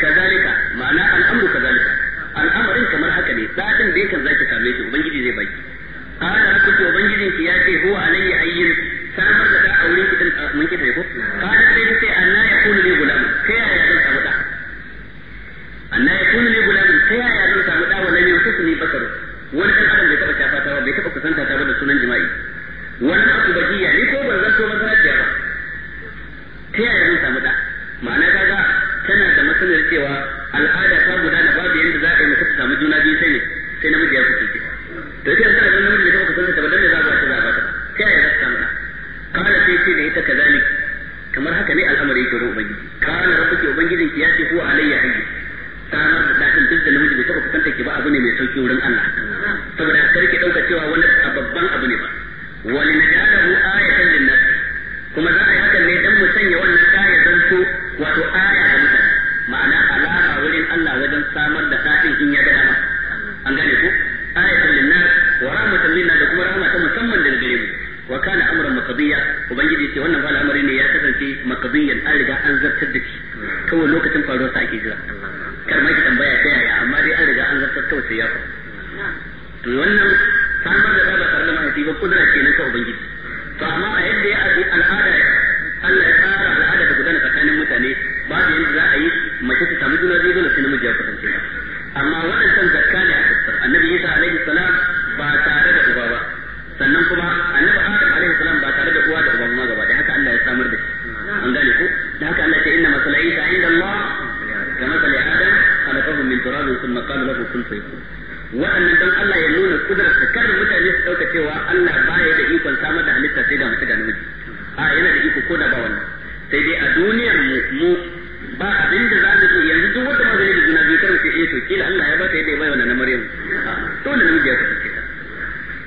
كذلك معنى الأمر كذلك al'amarin kamar haka ne satin da yakan zaki same shi ubangiji zai baki kana da kuke ubangijin ki ya ce huwa alayya ayyin samar da da auren ki din mun ki ko kana sai karo wani ɗan adam bai taɓa shafa ta ba bai taɓa kusanta ta ba da sunan jima'i wannan aku bajiya ni ko ban zanto masaraciya ba ta yaya zan samu ɗa ma'ana ta ga tana da masanar cewa al'ada ta guda na babu yadda za a yi mace ta samu juna biyu sai ne sai namiji ya kusance ta to ita tana da namiji bai taɓa kusanta ba dan ne za a ta za a ba ta ta yaya za samu ɗa kana sai ce da ita kazalik kamar haka ne al'amari yake ruwan ubangiji kana rabbuki ubangijin ki ya ce huwa alayya hayy samar da dadin duk da namiji bai taɓa fuskantar ki ba abu ne mai sauki wurin Allah saboda kar ki dauka cewa wani a babban abu ne ba wani na najadahu ayatan linnas kuma za a yi hakan ne dan mu sanya wannan aya zanto wato aya ga mutane ma'ana alama wurin Allah wajen samar da dadin in ya ga dama an gane ko ayatan linnas wa rahmatan linnas da kuma rahma ta musamman daga gare mu wa kana amran maqdiya ubangiji ce wannan fa al'amari ne ya kasance maqdiyan an riga an zartar da shi kawai lokacin faruwar sa ake jira kar ma ki tambaya ta yaya amma dai an riga an zartar kawai sai ya faru to wannan samar da ba tare da mahaifi ba kudura ce na ta ubangiji to amma a yadda ya al'ada Allah ya tsara al'ada da gudana tsakanin mutane ba da yadda za a yi mace ta samu juna biyu dole sai namiji ya kasance ba amma waɗancan zakka ne a kasar annabi Isa alaihi salam ba tare da uba ba sannan kuma annabi Adam alaihi salam ba tare da uwa da uba ma gaba da haka Allah ya samar da shi an gane ko da haka Allah ya ce inna masala ta inda Allah ga masala min turabin thumma qala wa'annan dan Allah ya nuna kudrar sa mutane su dauka cewa Allah baya da ikon samar da halitta sai da mace da namiji a yana da iko ko da ba wannan sai dai a duniyar mu ba abin da za mu yanzu duk wata magana da juna biyu kar mu eh ce to kila Allah ya ba ta yadda ya bai wannan na to namiji ya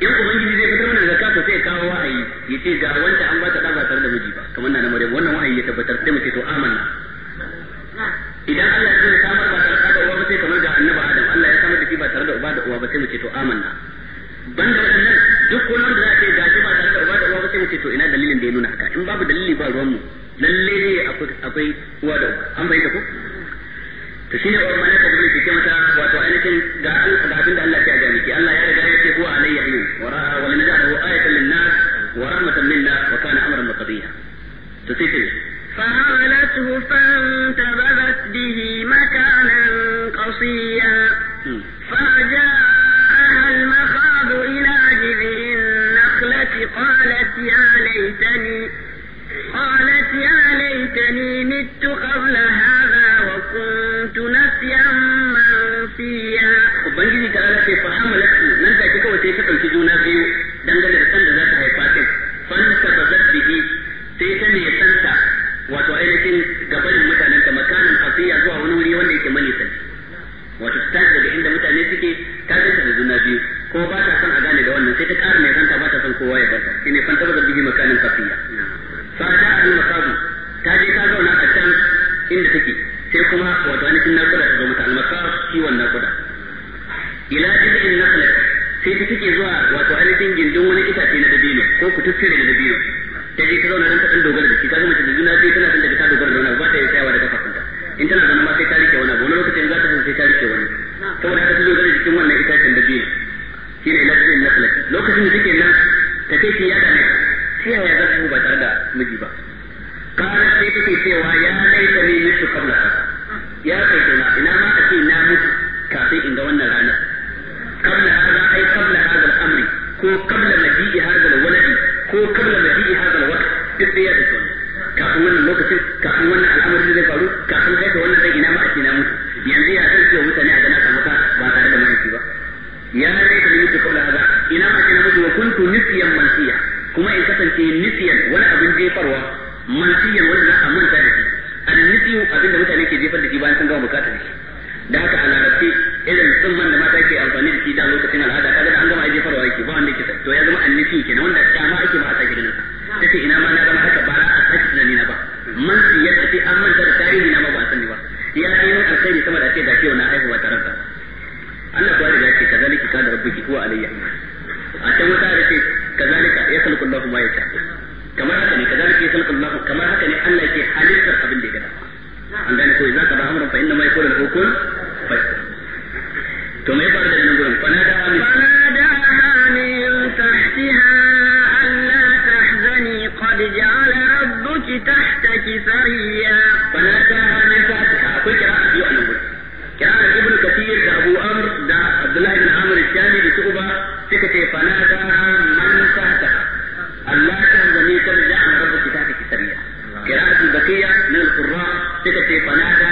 in ubangiji zai fitar mana zakka to sai kawo wa'ayi yace ga wanda an ba ta da tare da miji ba kamar na Maryam wannan wa'ayi ya tabbatar sai mu ce to idan Allah ya samar ba tare da uwa ba sai kamar da annabi Adam Allah ya samar da shi ba tare da uba da uwa ba sai mu ce to amanna banda wannan duk wani da za ka yi gashi ba tare da uba da uwa ba sai mu ce to ina dalilin da ya nuna haka in babu dalili ba ruwan mu lalle ne akwai uwa da uba an bayyana ko to shine wannan mana ka gudu cikin mata wato ainihin ga ga abin da Allah ya ga miki Allah ya riga ya ce huwa alayya hayy wa ra'a wa lanaja'ahu ayatan lin-nas wa rahmatan minna wa kana amran maqdiya to sai فهالته فانتبذت به مكانا قصيا فجاءها المخاض إلى جذع النخلة قالت يا ليتني قالت يا ليتني مت قبل هذا وكنت نسيا منسيا وبنجي تعالى في فحملته من ذاك كوي تيكتن تجونا فيه دنجل السند ذات هيفاتن فانتبذت به تيكني ko ba ta son a gane da wannan sai ta ƙara mai kanta ba ta son kowa ya bar ta shine fanta ba bihi makanin kafiya fa da an makabu ta je ta zauna a can inda take sai kuma wato ainihin nakuda ta zo mata almasar kiwon nakuda ila jibin nakla sai ta take zuwa wato ainihin gindin wani itace na dabino ko kututtire na dabino ta je ta zauna don ta ɗan dogara da shi ta zama da juna biyu tana son daga ta dogara da wani ba ta yi tsayawa da kafafunta in tana zama ma sai ta rike wani abu wani lokacin za ta zama sai ta rike wani saboda haka ta zo gare jikin wannan itacen dabino shine lafiyar nafilati lokacin da take nan ta ce ki ya dame shi ya za ta ba tare da miji ba kana sai take cewa ya ta ne mutu kabla ya kai na ina ma a ce na mutu kafin in ga wannan ranar kabla ga ai kabla hada amri ko kabla maji'i hada waladi ko kabla ji hada alwaqt duk da ya tafi wannan kafin wannan lokacin kafin wannan al'amari zai faru kafin haifa wannan zai ina ma a ce na mutu yanzu ya san cewa mutane a gana samu ya laita da yake kaula hada ina ma ce wa kuntu nisyan mansiya kuma in kasance nisyan wani abin jefarwa mansiyan wani na amanta da shi annisiyu abin da mutane ke jefar da da haka a larabci irin tsumman da mata ke amfani da shi da lokacin al'ada ka da an gama aje farwa yake ba wanda ke to ya zama annisi na wanda dama ake ba a sake ganin sa tace ina ma na zama haka ba a sake tunani ba man ya tafi an manta da tarihi na ma ba a sani ba ya yi alkhairi sama da ce da na haihuwa tare da Allah kuwa ya ce kazalika kana rabbuki huwa alayya a can wata da ce kazalika ya salku Allah ma ya ta kamar haka ne kazalika ya salku Allah kamar haka ne Allah yake halittar abin da ya gada an gane ko idan ka ba amran fa inna ma yakulu hukum fa to me fara da nan gurin fa na da amin ce fana da man fata Allah kan zane kan ja'a rabbuka ta kitabiya qira'atul baqiya min qurra suka ce fana da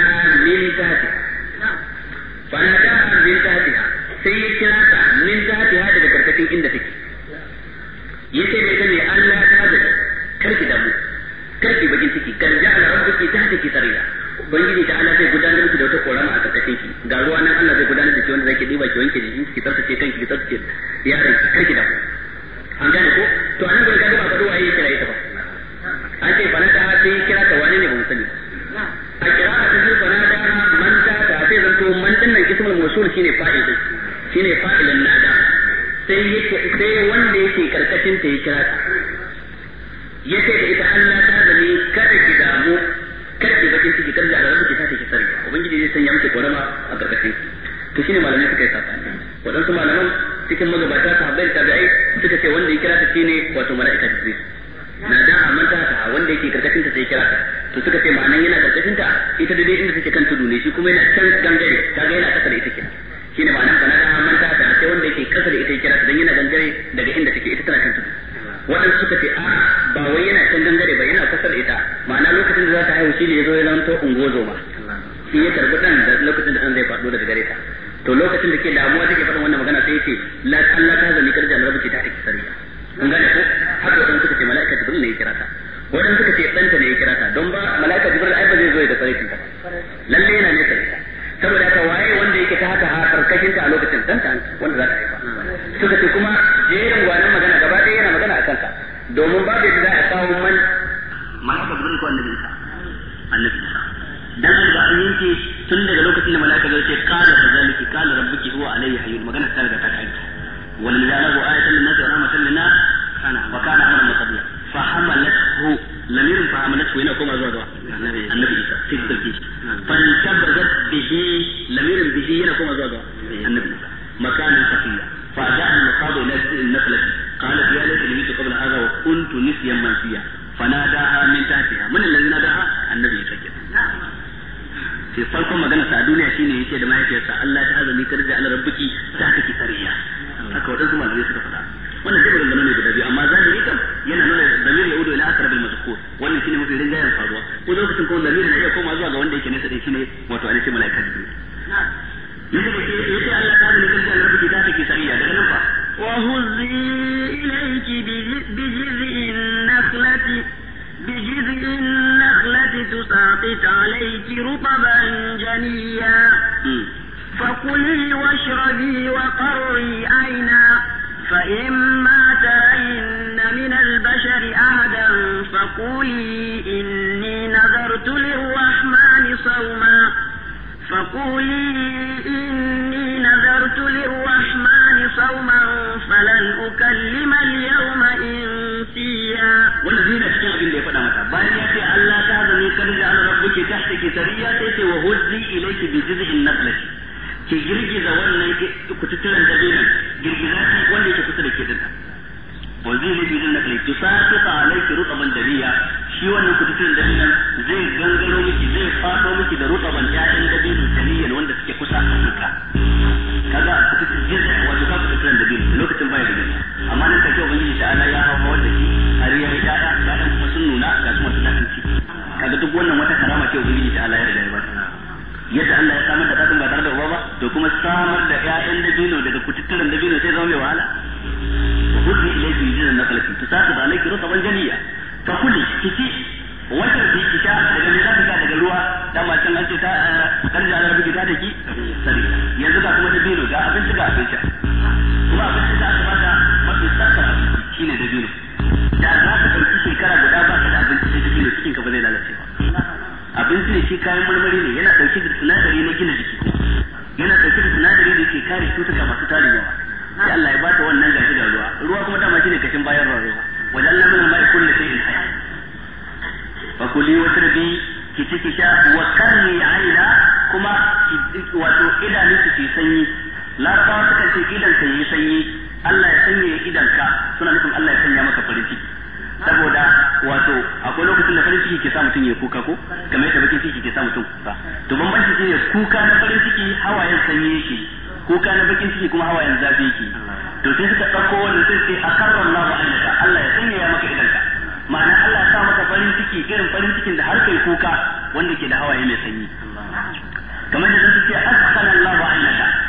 tarji ala rabbiki za ka ki tariya haka wadansu malamai suka faɗa wannan dabarin da ne guda biyu amma zahiri kam yana nuna damir ya udo ila aqrabil mazkur wannan shine mafi rinjayen faruwa ko lokacin kuma damir na iya koma zuwa ga wanda yake nesa din shine wato an ce malaika na da jibril yace Allah ta ni kan rabbiki za ka ki tariya daga nan fa wa huzi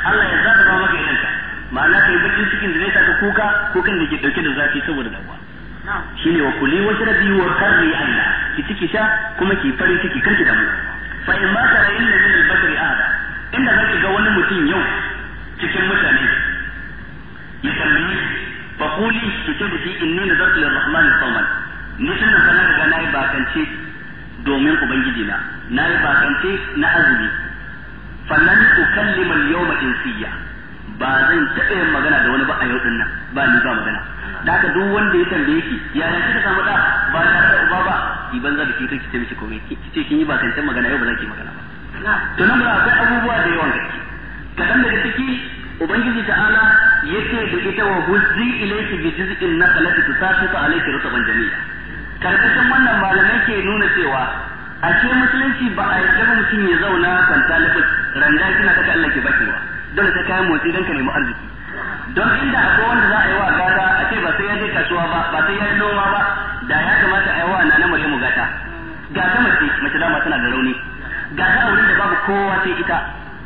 Allah ya zaba maka idanka ma'ana kai bakin cikin da zai saka kuka kukan da ke dauke da zafi saboda damuwa ne wa kuli wa shirabi wa karri Allah ki ciki sha kuma ki fari ciki ki damu fa in ma tara inna min al-basri ahada inda zaki ga wani mutum yau cikin mutane ya tambayi fa kuli ki ce bi inni nazartu lir-rahman sawman ni tun nan sanar da nayi bakance domin ubangiji na nayi bakance na azumi falan ukallimal yawma insiya ba zan taɓa yin magana da wani ba a yau din nan ba ni ba magana da haka duk wanda ya tambaye ki ya ya kika samu da ba ta da uba ba ki banza da ki kike ce mishi komai ki ce kin yi ba kan magana yau ba za ki magana ba to nan ba akwai abubuwa da yawan gaske kadan daga ciki ubangiji ta'ala yake da ita wa huzzi ilayki bi juz'in naqlati tusafitu alayki rutban jamila karkashin wannan malamai ke nuna cewa a ce musulunci ba a yarda mutum ya zauna kwanta lafis randa kina ta Allah ke baki ba don ta kayan motsi don ka nemi arziki don inda akwai wanda za a yi wa gata a ce ba sai ya je kasuwa ba ba sai ya yi noma ba da ya kamata a yi wa nana maryamu gata gata mace mace dama tana da rauni gata a wurin da babu kowa sai ita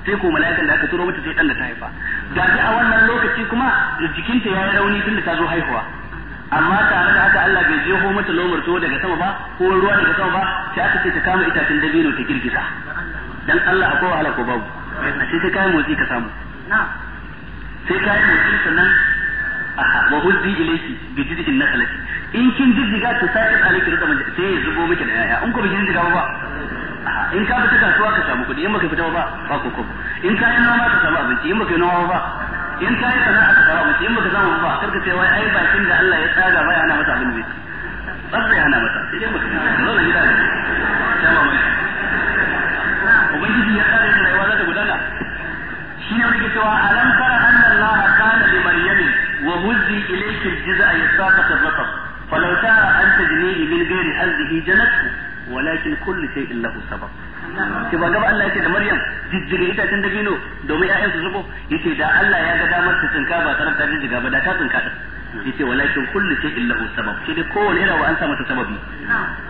sai ko mala'ikan da aka turo mata sai dan da ta haifa ga a wannan lokaci kuma jikinta ya yi rauni tun da ta zo haihuwa amma tare da haka Allah bai jeho mata lomar tuwo daga sama ba ko ruwa daga sama ba sai aka ce ta kama itacen dabino ta girgiza dan Allah akwai wahala ko babu a sai sai kayan motsi ka samu sai kai motsi sannan wa huzzi ilayki bi jidin nakalati in kin jiddiga to sai ka aliki rika sai ya zubo miki da yaya in ko bi jiddiga ba in ka fita kasuwa ka samu kuɗi in baka fita ba ba ko kobo in ka yi noma ka samu abinci in baka yi noma ba in ka yi sana'a ka samu abinci in baka samu ba kar ka ce wai ai bakin da Allah ya tsaga ba ya ana masa abin bai tsar da ya hana masa sai dai mutum zo na gida da ta mamaki ubangiji ya tsara yin rayuwa za ta gudana shi ne wani cewa alam tara anna a kana li maryamin wa huzzi ilayki al-jiz'a yasaqata ar-raqab falau tara an tajnihi min ghairi hazzihi janatu walakin kullu shay'in lahu sabab ki ba gaba Allah yake da Maryam jijjiga itacen da dabino domin 'ya'yan su zubo yace da Allah ya ga damar ta tsinka ba tare da jijjiga ba da ta tsinka din yace walakin kullu shay'in lahu sabab shi dai kowane irin an sa mata sababi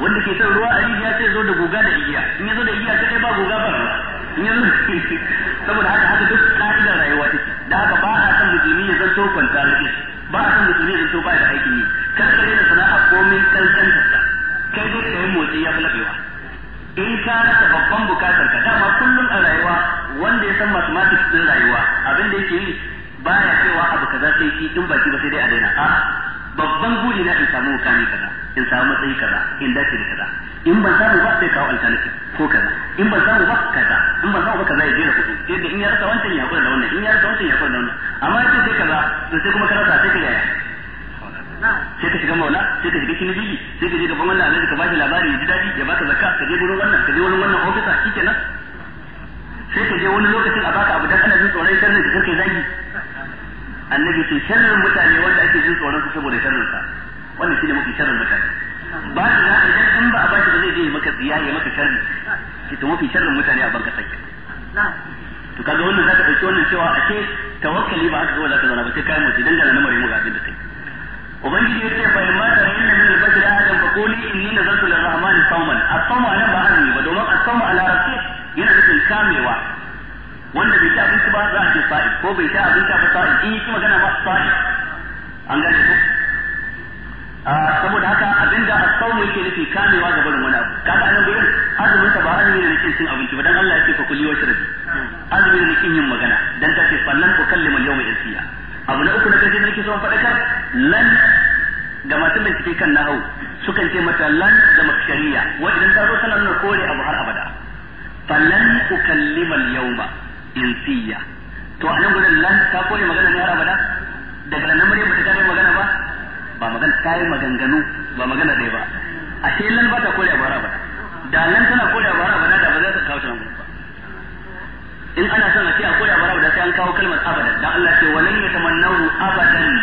wanda ke son ruwa a ya ce zo da goga da igiya in ya zo da igiya sai ba goga ba in ya zo saboda haka haka duk ka'idar rayuwa take da haka ba a san musulmi ya zanto kwanta ba a san musulmi ya zanto ba da aikin yi kar ka rena sana'a komai kankanta kai zai kai motsi ya fi labewa in ka rasa babban bukatar ka dama kullum a rayuwa wanda ya san mathematics din rayuwa abin da yake yi baya cewa abu kaza sai shi in baki ba sai dai a daina a babban buri na in samu mukami kaza in samu matsayi kaza in dace da kaza in ban samu ba sai kawo alternative ko kaza in ban samu ba kaza in ban samu ba kaza ya jera kudu yadda in ya rasa wancan ya kula da wannan in ya rasa wancan ya kula da wannan amma ya sai kaza sai kuma ka rasa sai ka yaya sai ka shiga maula sai ka shiga kinibili sai ka shiga wannan ka bashi labari ya ji daɗi ya baka zakka ka je wurin wannan ka je wurin wannan ofisa shikenan sai ka je wani lokacin a baka abu dan ana jin tsoron sharrin ka kai zagi annabi ce sharrin mutane wanda ake jin tsoron su saboda sharrin sa wannan shine mafi sharrin mutane ba shi na idan in ba a bashi ba zai je maka tsiya ya maka sharri ki to mafi sharrin mutane a banka sake to kaga wannan zaka dauki wannan cewa a ce tawakkali ba aka zo zaka zauna ba sai kai mutu da na mare mu ga abin da kai ubangiji ya ce fa in ma tare inna min al-bashri ahadan fa quli inni nazartu lir-rahmani sawman as-sawma ana ba azumi ba domin as-sawma ala rasul yana nufin kamewa wanda bai ci abinci ba za a ce sa'i ko bai ci abinci ba sa'i in yi magana ba sa'i an gane ku saboda haka abinda a sawmu yake nufi kamewa ga barin wani abu kaga anan gurin azumin ta ba an ne nufin cin abinci ba dan Allah ya ce fa kuli wa shrabi azumin nufin yin magana dan ta ce fallan ku kallima al-yawma insiya abu na uku na kaje nake son faɗakar lan ga masu bincike kan nahau sukan ce mata lan da mafshariya wa idan ta zo tana nuna kore abu har abada falan ukallima al-yawma insiya to anan gurin lan ta kore magana ne har abada daga nan mare mutum ta magana ba ba magana ta yi maganganu ba magana ɗaya ba a ce lan ba ta kore abu har abada da lan tana kore abu har abada da ba za ta kawo shi nan ba in ana son a ce a abara da sai an kawo kalmar abadan dan Allah ce walan yatamannahu abadan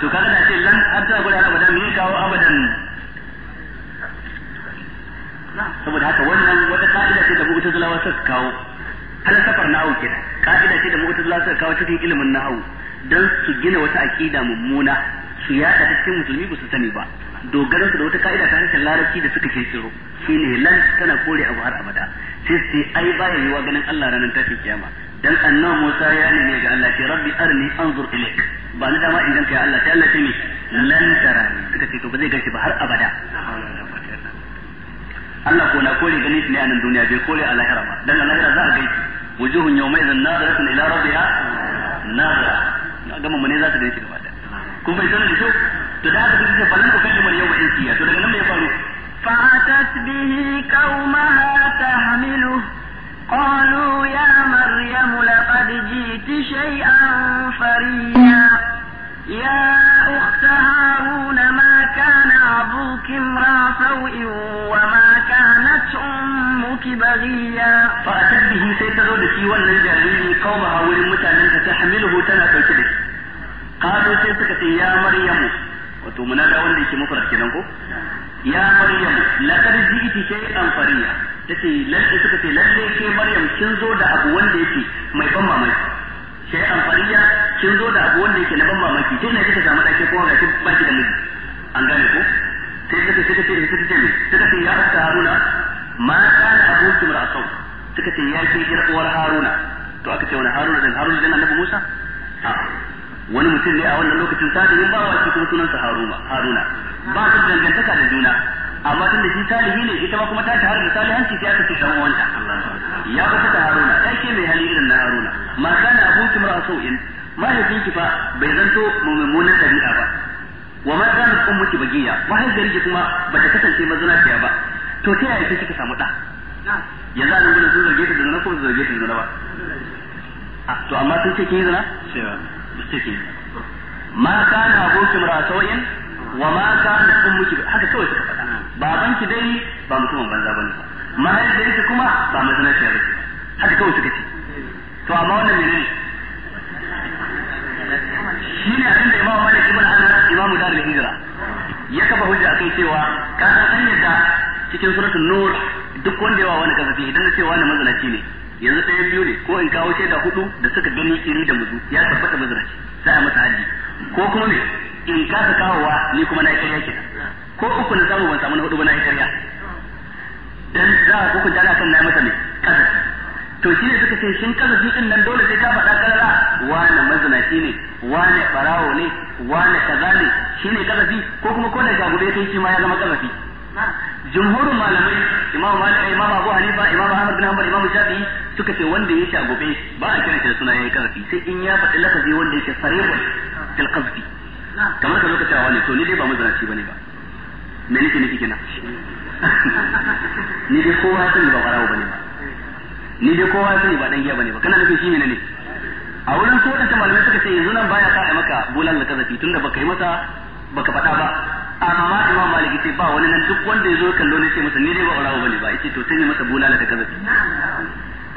to kaga da ce lan abda gura abadan me kawo abadan saboda haka wannan wata ka'ida ce da mu'tazilawa suka kawo falsafar na'u kenan ka'ida ce da mu'tazilawa suka kawo cikin ilimin na'u dan su gina wata aqida mummuna su yada cikin musulmi ba su sani ba dogaran su da wata ka'ida ta harshen larabci da suka ke shi ne lan tana kore abu har abada sai sai ai baya yiwa ganin Allah ranar tashin kiyama dan annabi Musa ya ne ga Allah ce rabbi arni anzur ilayk ba ni dama idan kai Allah sai Allah ce ni lan tara suka ce to ba zai gashi ba har abada Allah ko na kore ganin shi ne a nan duniya bai kore a lahira ba dan a lahira za a gaishe wujuhun yawma idan nadiratun ila rabbiha nadira gama mu ne za ta gaishe gaba da فأتت به قومها تحمله قالوا يا مريم لقد جئت شيئا فريا يا أخت هارون ما كان أبوك امرأ سوء وما كانت أمك بغيا فأتت به سيتزود في ولن قومها ولمتى لن تحمله تنا كبير kafin sai suka ce ya maryamu wato da wanda yake mafara kenan ko ya maryamu laqad ji'ti shay'an fariya tace lalle suka ce lalle ke maryam kin zo da abu wanda yake mai ban mamaki shay'an fariya kin zo da abu wanda yake na ban mamaki dole ne kika samu dake ko ga kin baki da miji an gane ko sai suka ce suka ce suka ce suka ce ya haruna ma kan abuki mar'asau suka ce ya ke uwar haruna to aka ce wani haruna din haruna din annabi musa a'a wani mutum ne a wannan lokacin salihin ba wa cikin sunan sunansa haruna haruna ba su dangantaka da juna amma tun da shi salihi ne ita ba kuma ta ta harin salihanci sai aka ce dan uwanta ya kusa ta haruna ya ke mai hali irin na haruna ma kana abuki mar'a sau'in mahaifinki fa bai zanto mummunan ɗabi'a ba wa ma kana ki bagiya mahaifiyarki kuma bata kasance mazinaciya ba to ta yaya kika samu ɗa yanzu an gudu sun zarge ta da na ko zarge ta da na ba to amma sun ce kin yi zina ma kana abuki muratoyin wa ma kana ummuki haka kawai suka faɗa banki dai ba mutumin banza bane mahaifiyarki kuma ba mazinaciya ba haka kawai suka ce to amma wannan menene shi ne abin da imamu malik ibn anas imamu darul hijra ya kafa hujja akan cewa ka san an yadda cikin suratul nur duk wanda yawa wani kasafi idan na ce wani mazinaci ne yanzu ɗaya biyu ne ko in kawo shaida hudu da suka gani iri da muzu ya tabbata ce za a masa haji ko kuma ne in kasa kawowa ni kuma na yi karya kenan ko uku na samu ban samu na hudu ba na yi karya dan za a hukunta na kan na masa ne kasafi to shi ne suka ce shin shi din nan dole sai ka faɗa karara wane shi ne wane ɓarawo ne wane kaza ne shi ne kasafi ko kuma ko da ya kai shi ma ya zama kasafi jumhurin malamai imam malik imam abu hanifa imam ahmad bin hanbal imam shafi suka ce wanda ya shagobe ba a kira shi da suna karfi sai in ya faɗi lafazi wanda yake sarihun fil qazbi kamar ka lokaci wani to ni dai ba mazanaci bane ba me nake nake kina ni dai kowa sani ba farawo bane ba ni dai kowa sani ba dan giya bane ba kana nake shi ne ne a wurin su wadanda malamai suka ce yanzu nan baya ka a maka bulan da kazafi tunda baka yi masa baka faɗa ba amma imam maliki ce ba wani nan duk wanda ya zo kallo ne ce masa ni dai ba urawa bane ba yace to sai ne masa bulala ta kaza.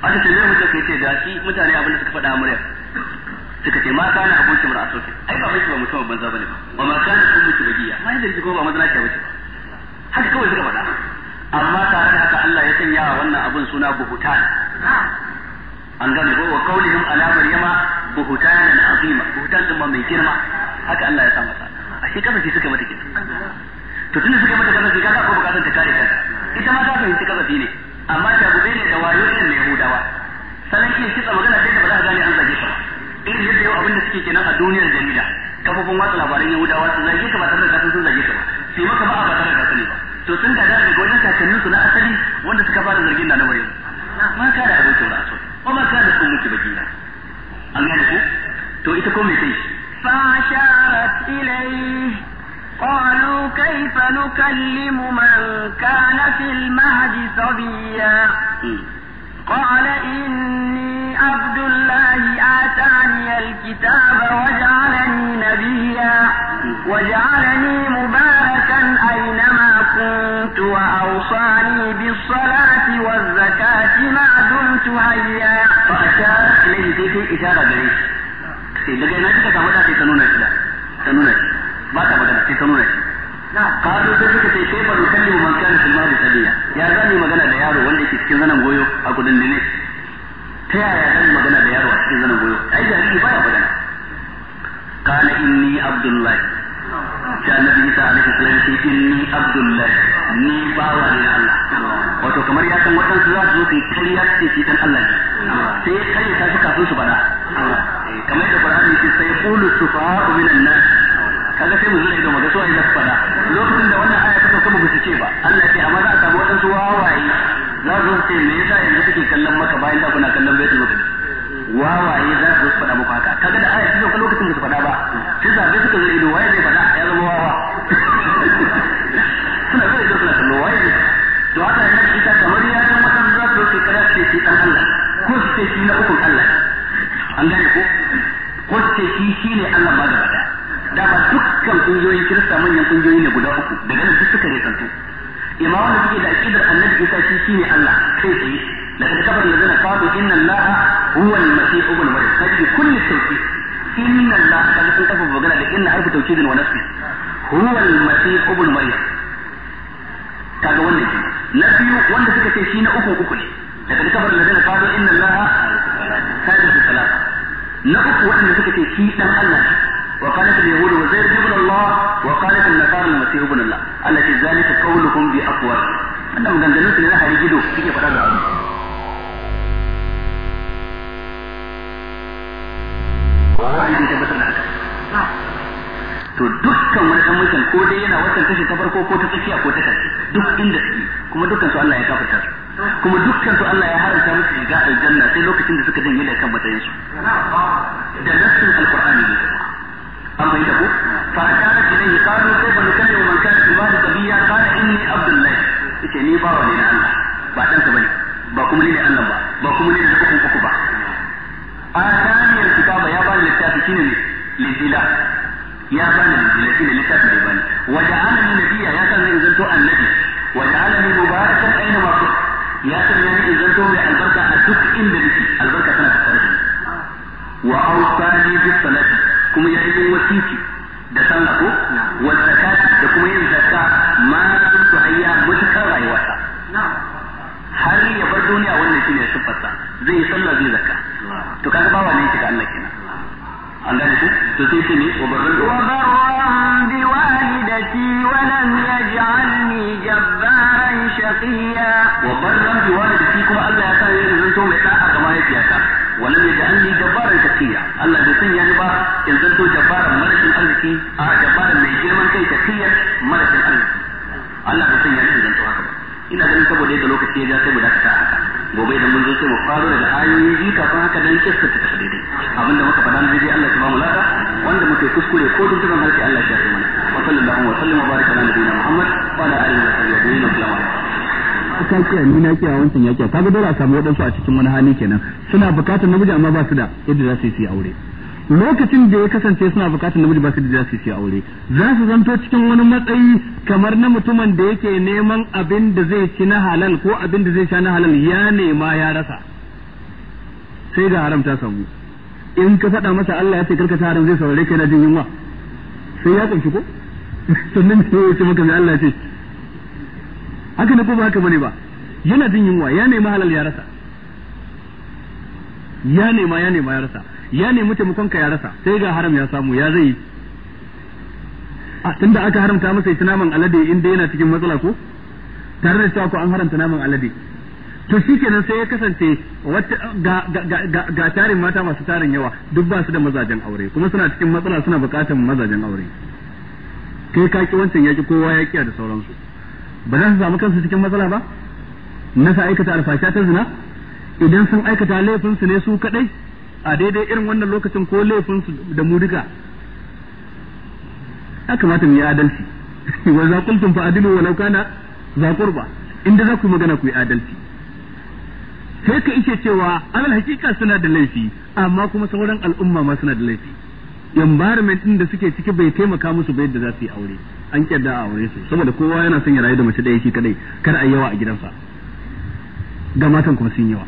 a ce zai mutu ce da shi mutane abin da suka faɗa a murya suka ce ma kana abokin mura sosai ai ba mutum ba mutum banza bane ba wa ma kana kun ba giya ma yadda ko ba mazana ce ba. haka kawai suka faɗa amma tare da haka Allah ya sanya wannan abin suna buhutan an gane ko wa kaulihim ala maryama buhutan azima buhutan din ma mai girma haka Allah ya sa masa a shi suka mata kenan to tunda suka mata kasafi kaga ko bukatar ta kare kanta ita ma ta fahimci kasafi ne amma ta gube ne da wayo irin na Yahudawa sanan iya kitsa magana sai da ba za a gane an zage ta ba irin yadda yau abin da suke kenan a duniyar jarida kafofin watsa labaran Yahudawa sun zage ka ba tare da kasan sun zage ka ba sai maka ba a ba tare da kasani ba to sun gada ga wajen kakannin su na asali wanda suka fara zargin da na wayo ma ka da abin sauraso ba ma ka da sun mutu bakiya an gane ku to ita ko mai sai فأشارت إليه قالوا كيف نكلم من كان في المهد صبيا قال إني عبد الله آتاني الكتاب وجعلني نبيا وجعلني مباركا أينما كنت وأوصاني بالصلاة والزكاة ما دمت حيا فأشارت إليه في إشارة sai daga yana kika samu da sai ka nuna shi da ka nuna shi ba ta magana sai ka nuna shi kawo sai suka ce sai bari kalli man kana fil mahdi sabiya ya zani magana da yaro wanda yake cikin zanan goyo a gudun dine ta yaya zan magana da yaro a cikin zanan goyo ai jariri baya magana kana inni abdullahi sai annabi isa alaihi salam sai inni abdullahi ni bawa ne Allah wato kamar ya san waɗansu za su zo su yi kariya su ce shi dan Allah ne sai kare ta su kafin su bada kamar da Qur'ani ke sai qulu sufa'u minan nas kaga sai mu zura ido mu ga fada lokacin da wannan aya ta sauka mu ce ba Allah ce amma za a samu wadansu wawaye za su ce me yasa yanzu kake kallon maka bayan da kuna kallon baitul su fada muku haka kaga da aya ta su faɗa ba sai ido waye zai faɗa ya zama wawa suna suna waye to haka kamar ya za su kara ce shi dan Allah ko su na uku Allah an gane ko wacce shi shi ne Allah ba da bada dama dukkan kungiyoyin kirista manyan ƙungiyoyi ne guda uku daga nan duk suka resantu imma wanda suke da aqidar annabi Isa shi shi ne Allah kai tsaye لقد كفر الذين قالوا إن الله هو المسيح ابن مريم هذه كل التوحيد إن الله قد كنت أفضل إن حرف توكيد ونفسه هو المسيح ابن مريم kaga wannan ke na biyu wanda suka ce shi na uku uku ne daga kafar da zai fado inna allaha sadiqu salasa نحو وإن كتك شيء الله وقالت اليهود وزير ابن الله وقالت النصارى المسيح ابن الله التي ذلك قولهم بأقوال أنهم جندلوا في الله يجدوا كيف فتاة وعلي تبتل هذا to dukkan wani dan mutum ko dai yana wata tashi ta farko ko ta tsakiya ko ta karshe duk inda suke kuma dukkan su Allah ya kafarta su kuma dukkan su Allah ya haranta musu shiga aljanna sai lokacin da suka janye da kan matsayin su da nassin alqur'ani ne amma idan ku fa kana jinin ya kano sai ban kan yau man kana imani tabiya kana inni abdullahi yake ni bawa ne na Allah ba dan ka bane ba kuma ni ne Allah ba ba kuma ni ne kuku kuku ba a taniyar kitaba ya bani littafi shine ne lijila ya bani lijila shine littafi da bani wa ja'alani nabiyya ya san zan zanto annabi wa ja'alani mubarakan aina ma ya sanya ni in zanto mai albarka a duk inda nake albarka tana tattare da ni wa awsani bis salati kuma ya yi wasiki da sallah ko wa zakati da kuma yin zakka ma kuntu hayya mutakar rayuwata har ya bar duniya wannan shine sifarsa zai yi sallah zai zakka to kaga ba wani yake ga Allah kenan an gane ku to sai shi ne wa barran wa barran bi walidati wa lam yaj'alni jabbaran shaqiya wa barran walam yaj'alni jabbaran taqiya Allah bai sanya ni ba in zanto jabbaran marashin arziki a jabbaran mai girman kai taqiya marashin arziki Allah bai sanya ni in haka ba ina ganin saboda yadda lokaci ya ja sai mu ta haka gobe idan mun zo sai mu faro daga ayoyi biyu kafin haka dan kissa ta tafi daidai abinda muka faɗa na daidai Allah ya ba mu lada wanda muke kuskure ko duk zaman harshe Allah ya shafe mana wa sallallahu wa sallama baraka ala nabiyina Muhammad wa ala alihi wa sahbihi wa sallam aka kiya ni na kiya wancan ya kiya kaga dole a samu wadansu a cikin wani hali kenan suna bukatar namiji amma ba su da yadda za su yi aure lokacin da ya kasance suna bukatar namiji ba su da za su yi aure za su zanto cikin wani matsayi kamar na mutumin da yake neman abin da zai ci na halal ko abin da zai sha na halal ya nema ya rasa sai ga haram ta samu in ka faɗa masa Allah ya ce karka ta haram zai saurare kai na jin yunwa sai ya tsinci ko sannan sai ya ce maka mai Allah ya ce haka ne ko ba haka bane ba yana jin yunwa ya nemi halal ya rasa ya nema ya nema ya rasa ya nemi taimakon ka ya rasa sai ga haram ya samu ya zai a tunda aka haramta masa ya naman alade inda yana cikin matsala ko tare da cewa ko an haramta naman alade to shi kenan sai ya kasance ga tarin mata masu tarin yawa duk ba su da mazajen aure kuma suna cikin matsala suna bukatan mazajen aure kai kaki wancan yaki kowa ya kiya da sauransu ba za su samu kansu cikin matsala ba na sa aikata alfasha ta zina idan sun aikata laifinsu ne su kadai a daidai irin wannan lokacin ko laifinsu da mu duka ya kamata mu yi adalci wa za fa adilu walau kana za qurba inda za ku magana ku yi adalci sai ka ishe cewa alal suna da laifi amma kuma sauran al'umma ma suna da laifi environment din da suke ciki bai taimaka musu ba yadda za su yi aure an kyadda a aure su saboda kowa yana son ya rayu da mace ɗaya shi kadai kar a yawa a gidansa ga matan kuma sun yawa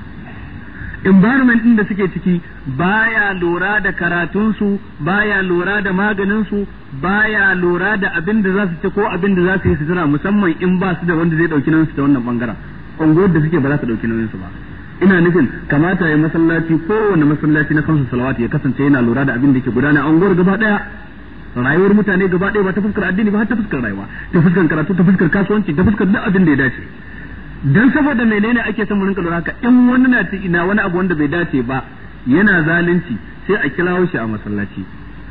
environment din da suke ciki baya lura da karatunsu baya lura da maganinsu baya lura da abin da za su ci ko abin da za su yi sutura musamman in ba su da wanda zai dauki nauyinsu ta wannan bangaren unguwar da suke ba za su dauki nauyinsu ba ina nufin kamata ya masallaci kowanne masallaci na kansu salawati ya kasance yana lura da abin da ke gudana a unguwar gaba daya rayuwar mutane gaba daya ba ta fuskar addini ba ta fuskar rayuwa ta fuskar karatu ta fuskar kasuwanci ta fuskar duk abin da ya dace dan saboda menene ake son mu rinka lura ka in wani na ina wani abu wanda bai dace ba yana zalunci sai a kirawo shi a masallaci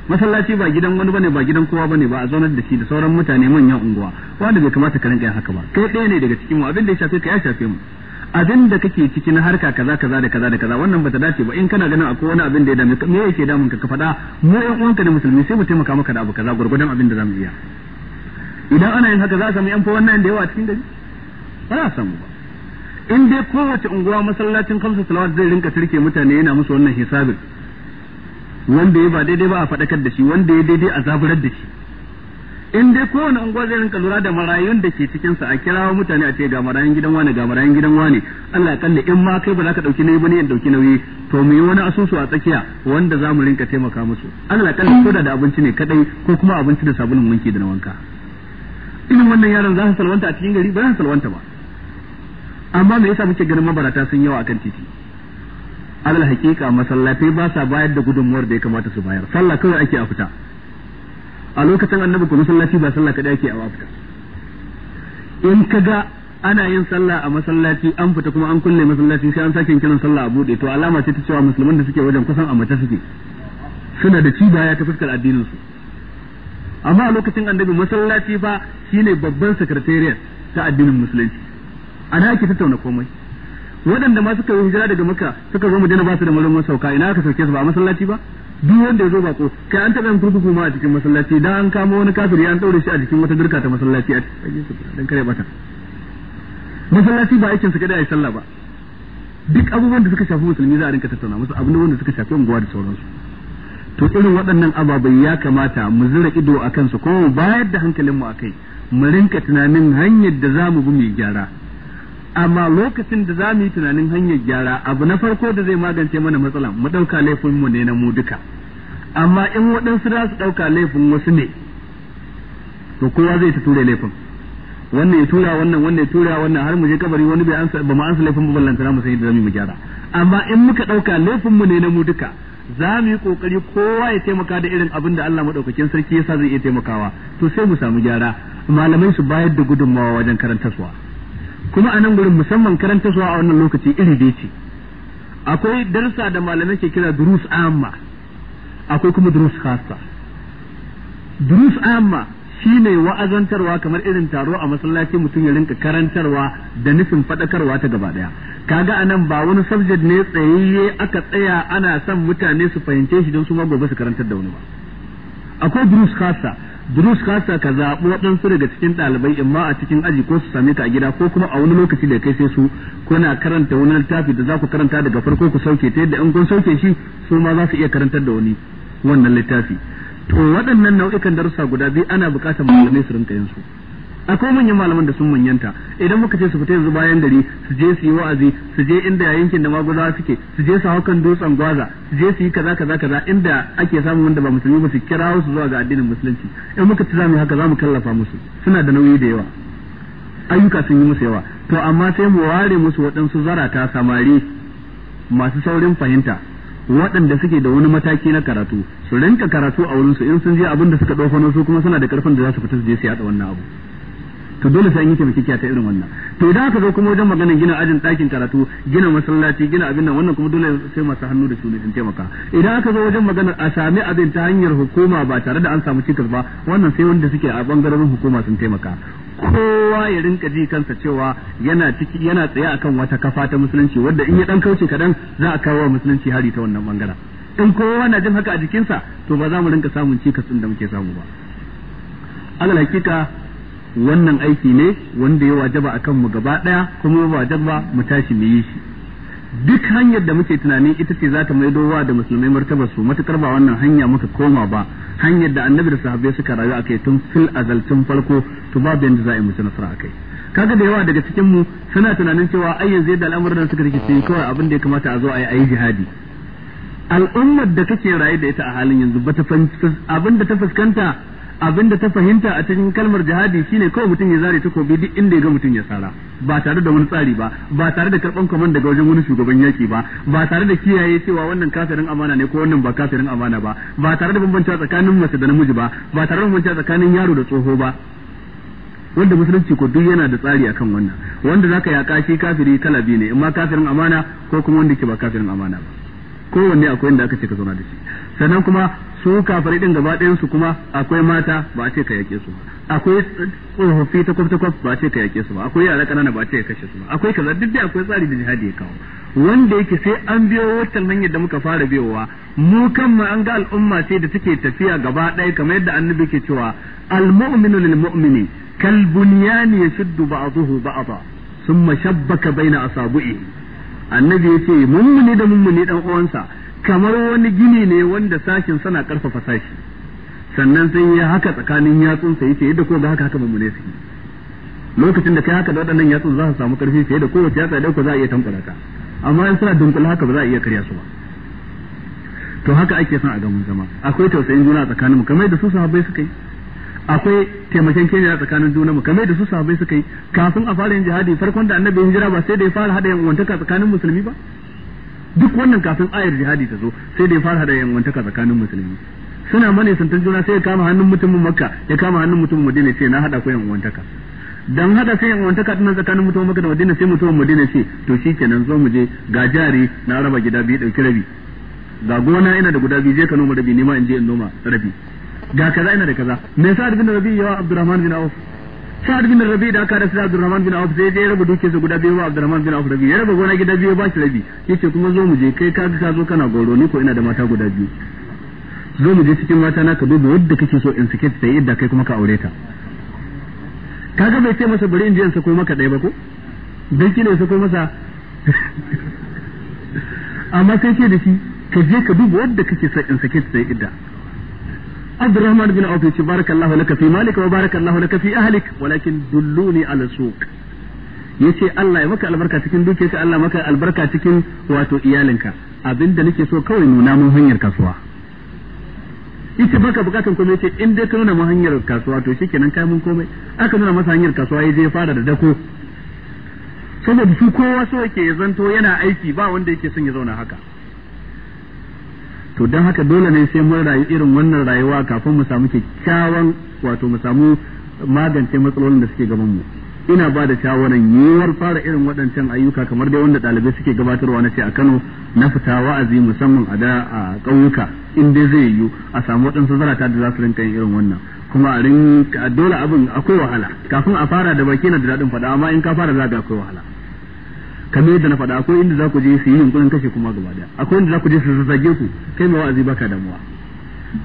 masallaci ba gidan wani bane ba gidan kowa bane ba a zaunar da shi da sauran mutane manyan unguwa wanda bai kamata ka rinka yin haka ba kai ɗaya ne daga cikin mu abin da ya shafe ka ya shafe mu abin da kake ciki na harka kaza kaza da kaza da kaza wannan bata dace ba in kana ganin akwai wani abin da ya dame ka me yake damun ka ka faɗa mu ɗan uwanka da musulmi sai mu taimaka maka da abu kaza gurgurdan abin da zamu iya idan ana yin haka za a samu yan fa wannan da yawa a cikin gari ba za samu ba in dai kowace unguwa masallacin kamsa salawat zai rinka turke mutane yana musu wannan hisabin wanda ya ba daidai ba a faɗakar da shi wanda ya daidai a zaburar da shi in dai kowane unguwa zai rinka lura da marayun da ke cikin sa a kirawo mutane a ce ga marayun gidan wani ga marayun gidan wani Allah ya kalle in ma kai ba za ka dauki nauyi ba ne dauki nauyi to mu yi wani asusu a tsakiya wanda za mu rinka taimaka musu Allah ya kalle ko da abinci ne kadai ko kuma abinci da sabulun wanki da na wanka irin wannan yaron za su salwanta a cikin gari ba za su salwanta ba amma me yasa muke ganin mabarata sun yawa akan titi alal hakika masallatai ba sa bayar da gudunmuwar da ya kamata su bayar sallah kawai ake a fita a lokacin annabi ko masallaci ba sallah kadai ake a wafta in kaga ana yin sallah a masallaci an fita kuma an kulle masallaci sai an sake kiran sallah a bude to alama ce ta cewa musulman da suke wajen kusan a mace suke suna da cibaya ta fuskar addinin su amma a lokacin annabi masallaci fa shine babban secretariat ta addinin musulunci ana ake tattauna komai waɗanda ma suka yi hijira daga maka suka zo madina ba su da malumar sauka ina aka sauke su ba a masallaci ba duk wanda ya zo bako kai an taɓa yin kurkuku ma a cikin masallaci dan an kama wani kafiri an ɗaure shi a jikin wata durka ta masallaci a dan kare bata masallaci ba aikin su kada yi sallah ba duk abubuwan da suka shafi musulmi za a rinka tattauna musu abin da suka shafi unguwa da sauransu to irin waɗannan ababai ya kamata mu zira ido a kansu ko bayar da hankalinmu a kai mu rinka tunanin hanyar da za mu bi mai gyara amma lokacin da za mu yi tunanin hanyar gyara abu na farko da zai magance mana matsala mu ɗauka laifinmu ne na mu duka amma in waɗansu za su ɗauka laifin wasu ne to kowa zai ta ture laifin wannan ya tura wannan wannan ya tura wannan har mu je kabari wani bai ansa ba mu ansa laifin mu ballanta mu sai da mu gyara amma in muka ɗauka laifin mu ne na mu duka za mu yi kokari kowa ya taimaka da irin abin da Allah madaukakin sarki yasa zai iya taimakawa to sai mu samu gyara malamai su bayar da gudunmawa wajen karantarwa kuma a nan gurin musamman karanta su a wannan lokaci iri da ce akwai darsa da malamai ke kira durus amma akwai kuma durus khassa durus amma shine wa'azantarwa kamar irin taro a masallaci mutum ya rinka karantarwa da nufin fadakarwa ta gaba daya kaga anan ba wani subject ne tsayayye aka tsaya ana son mutane su fahimce shi don su ma gobe su karantar da wani ba akwai durus khassa durush kasa ka zaɓi waɗansu daga cikin ɗalibai in ma a cikin aji ko su same ka a gida ko kuma a wani lokaci da kai sai su kuna karanta wani littafi da za ku karanta daga farko ku sauke ta yadda in kun sauke shi su ma za su iya karantar da wani wannan littafi to waɗannan nau'ikan darussa guda biyu ana buƙatar malamai su rinka yin su akwai manyan malaman da sun manyanta idan muka ce su fita yanzu bayan gari su je su yi wa'azi su je inda yankin da maguza suke su je su haukan dutsen gwaza su je su yi kaza kaza kaza inda ake samun wanda ba musulmi ba su kira su zuwa ga addinin musulunci in muka ci za mu haka za mu kallafa musu suna da nauyi da yawa ayyuka sun yi musu yawa to amma sai mu ware musu waɗansu zarata samari masu saurin fahimta waɗanda suke da wani mataki na karatu su rinka karatu a wurinsu in sun je abin da suka ɗaukwano su kuma suna da ƙarfin da za su fita su je su yaɗa wannan abu to dole sai an yi taimakekiya ta irin wannan to idan aka zo kuma wajen magana gina ajin dakin karatu gina masallaci gina abin nan wannan kuma dole sai masu hannu da ne sun taimaka idan aka zo wajen magana a sami abin ta hanyar hukuma ba tare da an samu cikas ba wannan sai wanda suke a bangaren hukuma sun taimaka kowa ya rinka ji kansa cewa yana ciki yana tsaye akan wata kafa ta musulunci wadda in ya dan kauce kadan za a kawo musulunci hari ta wannan bangara in kowa na jin haka a jikinsa to ba za mu rinka samun cikas din da muke samu ba alal hakika wannan aiki ne wanda ya wajaba a kanmu gaba ɗaya kuma ba wajaba mu tashi mu yi shi duk hanyar da muke tunani ita ce za ta maido wa da musulmai martabar su matukar ba wannan hanya muka koma ba hanyar da annabi da sahabbai suka rayu a kai tun fil azal tun farko to babu yanda za a yi musu nasara a kai kaga da yawa daga cikin mu suna tunanin cewa ai yanzu da al'amuran suka rike sai kawai abin da ya kamata a zo a yi ayi jihadi al'ummar da kake rayu da ita a halin yanzu bata abin da ta fuskanta Abin da ta fahimta a cikin kalmar jihadi shine kawai mutum ya zare takobi duk inda ya ga mutum ya sara ba tare da wani tsari ba ba tare da karban kwaman daga wajen wani shugaban yaki ba ba tare da kiyaye cewa wannan kafirin amana ne ko wannan ba kafirin amana ba ba tare da bambanta tsakanin mace da namiji ba ba tare da bambanta tsakanin yaro da tsoho ba wanda musulunci ko duk yana da tsari akan wannan wanda zaka yaka shi kafiri kala biyu ne amma kafirin amana ko kuma wanda ke ba kafirin amana ba kowanne akwai inda aka ce ka zauna da shi sannan kuma su kafari din gaba ɗayan su kuma akwai mata ba a ce ka yake su akwai tsofaffi ta kwaf ba a ce ka yake su ba akwai yara ƙanana ba a ce ka kashe su ba akwai kaza duk da akwai tsari da jihadi ya kawo wanda yake sai an biyo wata nan yadda muka fara biyowa mu ma an ga al'umma ce da take tafiya gaba ɗaya kamar yadda annabi ke cewa al-mu'minu lil-mu'mini kal bunyani yashuddu ba'dahu ba'dha thumma shabbaka baina asabi'i annabi yace mummuni da mummuni dan uwansa kamar wani gini ne wanda sashin sana karfafa sashi sannan sai ya haka tsakanin sai yace yadda ko ga haka haka mummune su lokacin da kai haka da waɗannan yatsun za su samu karfi fiye da kowace yatsa da za a iya tankwara ka amma in suna dunkul haka ba za a iya karya su ba to haka ake son a ga mun zama akwai tausayin juna a tsakaninmu kamar da su sahabbai suka yi akwai taimakon kenya a tsakanin juna mu kamar da su sahabbai suka yi kafin a fara yin jihadi farkon da annabi hijira ba sai da ya fara hada yan uwantaka tsakanin musulmi ba duk wannan kafin ayar jihadi ta zo sai dai fara da yangantaka tsakanin musulmi suna mane santan juna sai ya kama hannun mutumin makka ya kama hannun mutumin madina sai na hada ku yangantaka dan hada sai yangantaka din tsakanin mutumin makka da madina sai mutumin madina sai to shikenan zo mu je ga jari na raba gida biyu dauki rabi ga gona ina da guda biyu je ka noma rabi ma in je in noma rabi ga kaza ina da kaza me yasa da rabi yawa abdurrahman bin auf sa'ad bin rabi da aka rasu abdurrahman bin auf sai ya raba dukiyarsa guda biyu ba wa abdurrahman bin auf rabi ya raba gona gida biyu ba shi rabi yace kuma zo mu je kai ka ka zo kana goro ni ko ina da mata guda biyu zo mu je cikin mata na ka duba wadda kake so in sike ta yadda kai kuma ka aure ta kaga bai sai masa bari in je in sako maka ɗaya ba ko dan kine sako masa amma sai ke da shi ka je ka duba wadda kake so in sike ta yadda عبد الرحمن بن عوف يقول بارك الله لك في مالك وبارك الله لك في أهلك ولكن دلوني على السوق yace Allah ya maka albarka cikin dukiyar ka Allah maka albarka cikin wato iyalinka abinda nake so kawai nuna mun hanyar kasuwa yace baka bukatan komai yace in dai ka nuna mun hanyar kasuwa to shikenan kai mun komai aka nuna masa hanyar kasuwa yaje ya fara da dako saboda su kowa so yake ya zanto yana aiki ba wanda yake son ya zauna haka to don haka dole ne sai mun rayu irin wannan rayuwa kafin mu samu kyakkyawan wato mu samu magance matsalolin da suke gaban mu ina ba da shawaran yiwuwar fara irin waɗancan ayyuka kamar dai wanda ɗalibai suke gabatarwa na ce a Kano na fita wa'azi musamman a da a ƙauyuka in dai zai yiwu a samu waɗansu zarata da za su rinka irin wannan kuma a dole abin akwai wahala kafin a fara da baki na da daɗin faɗa amma in ka fara za ga akwai wahala kamar yadda na faɗa akwai inda za ku je su yi yunkurin kashe kuma gaba daya akwai inda za ku je su zage ku kai mai wa'azi baka damuwa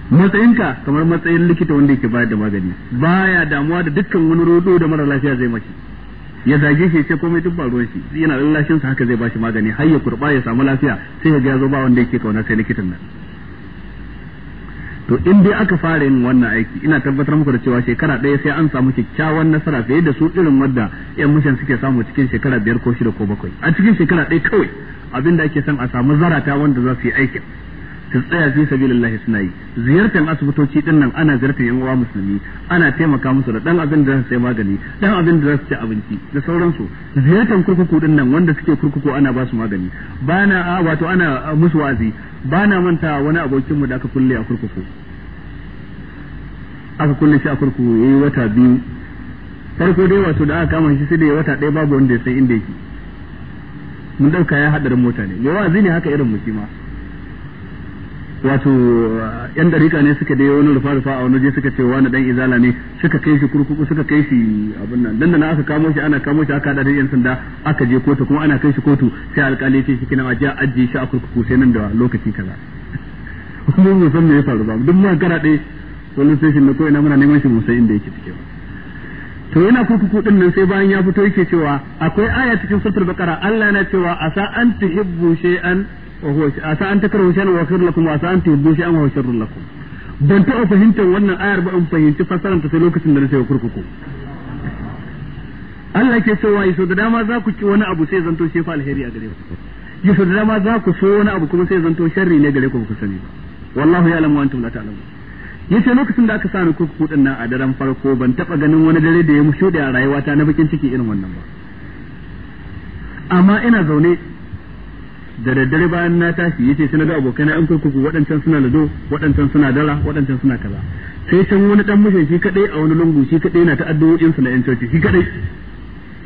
matsayinka kamar matsayin likita wanda yake bayar da magani baya damuwa da dukkan wani rodo da mara lafiya zai mace ya zage shi ce komai duk ba ruwan shi yana lallashin sa haka zai bashi magani har ya kurba ya samu lafiya sai ya ga zo ba wanda yake kauna sai likitan nan to in dai aka fara yin wannan aiki ina tabbatar muku da cewa shekara ɗaya sai an samu kyakkyawan nasara fiye da su irin wadda yan mushen suke samu cikin shekara biyar ko shida ko bakwai a cikin shekara ɗaya kawai abin da ake son a samu zarata wanda za su yi aikin su tsaya fi sabilillahi suna yi ziyartar asibitoci din nan ana ziyartar yan uwa musulmi ana taimaka musu da dan abin da za su sai magani dan abin da za su ci abinci da sauransu ziyartar kurkuku din nan wanda suke kurkuku ana ba su magani bana wato ana musu wazi ba na manta wani abokinmu da aka kulle a kurkuku aka kulle shi a kurkuku ya yi wata biyu farko dai wato da aka kama shi sai da ya wata ɗaya babu wanda ya san inda yake mun ɗauka ya haɗarin mota ne yawa zini haka irin mu shi ma wato yan dariƙa ne suka dai wani rufa rufa a wani je suka ce wani dan izala ne suka kai shi kurkuku suka kai shi abin nan dan da aka kamo shi ana kamo shi aka da yan sanda aka je kotu kuma ana kai shi kotu sai alƙali ce shi kina ma ajiye shi a kurkuku sai nan da lokaci kaza mun mun san me ya faru ba duk mun kara dai wannan station ko ina muna neman shi mu san inda yake cike to yana kurkuku din nan sai bayan ya fito yake cewa akwai aya cikin suratul baqara Allah yana cewa asa an hibbu shay'an وهو عسى أن تكرهوا شيئا وخير لكم أن شيئا وهو شر لكم ban fahimtar wannan fahimci sai lokacin da na sayo kurkuku Allah ke cewa yaso da dama za ku ki wani abu sai zanto shi fa alheri a gare ku yaso da dama za ku so wani abu kuma sai zanto sharri ne gare ku ku sani ba wallahu lamu antum la yace lokacin da aka sa ni kurkuku din a daren farko ban taba ganin wani dare da ya mushuɗe a rayuwata na bakin ciki irin wannan ba amma ina zaune da daddare bayan na tashi yace sai na abokai na an kurkuku waɗancan suna lado waɗancan suna dara waɗancan suna kaza sai can wani dan mushin shi kadai a wani lungu shi kadai yana ta addu'o'in sa na yan coci shi kadai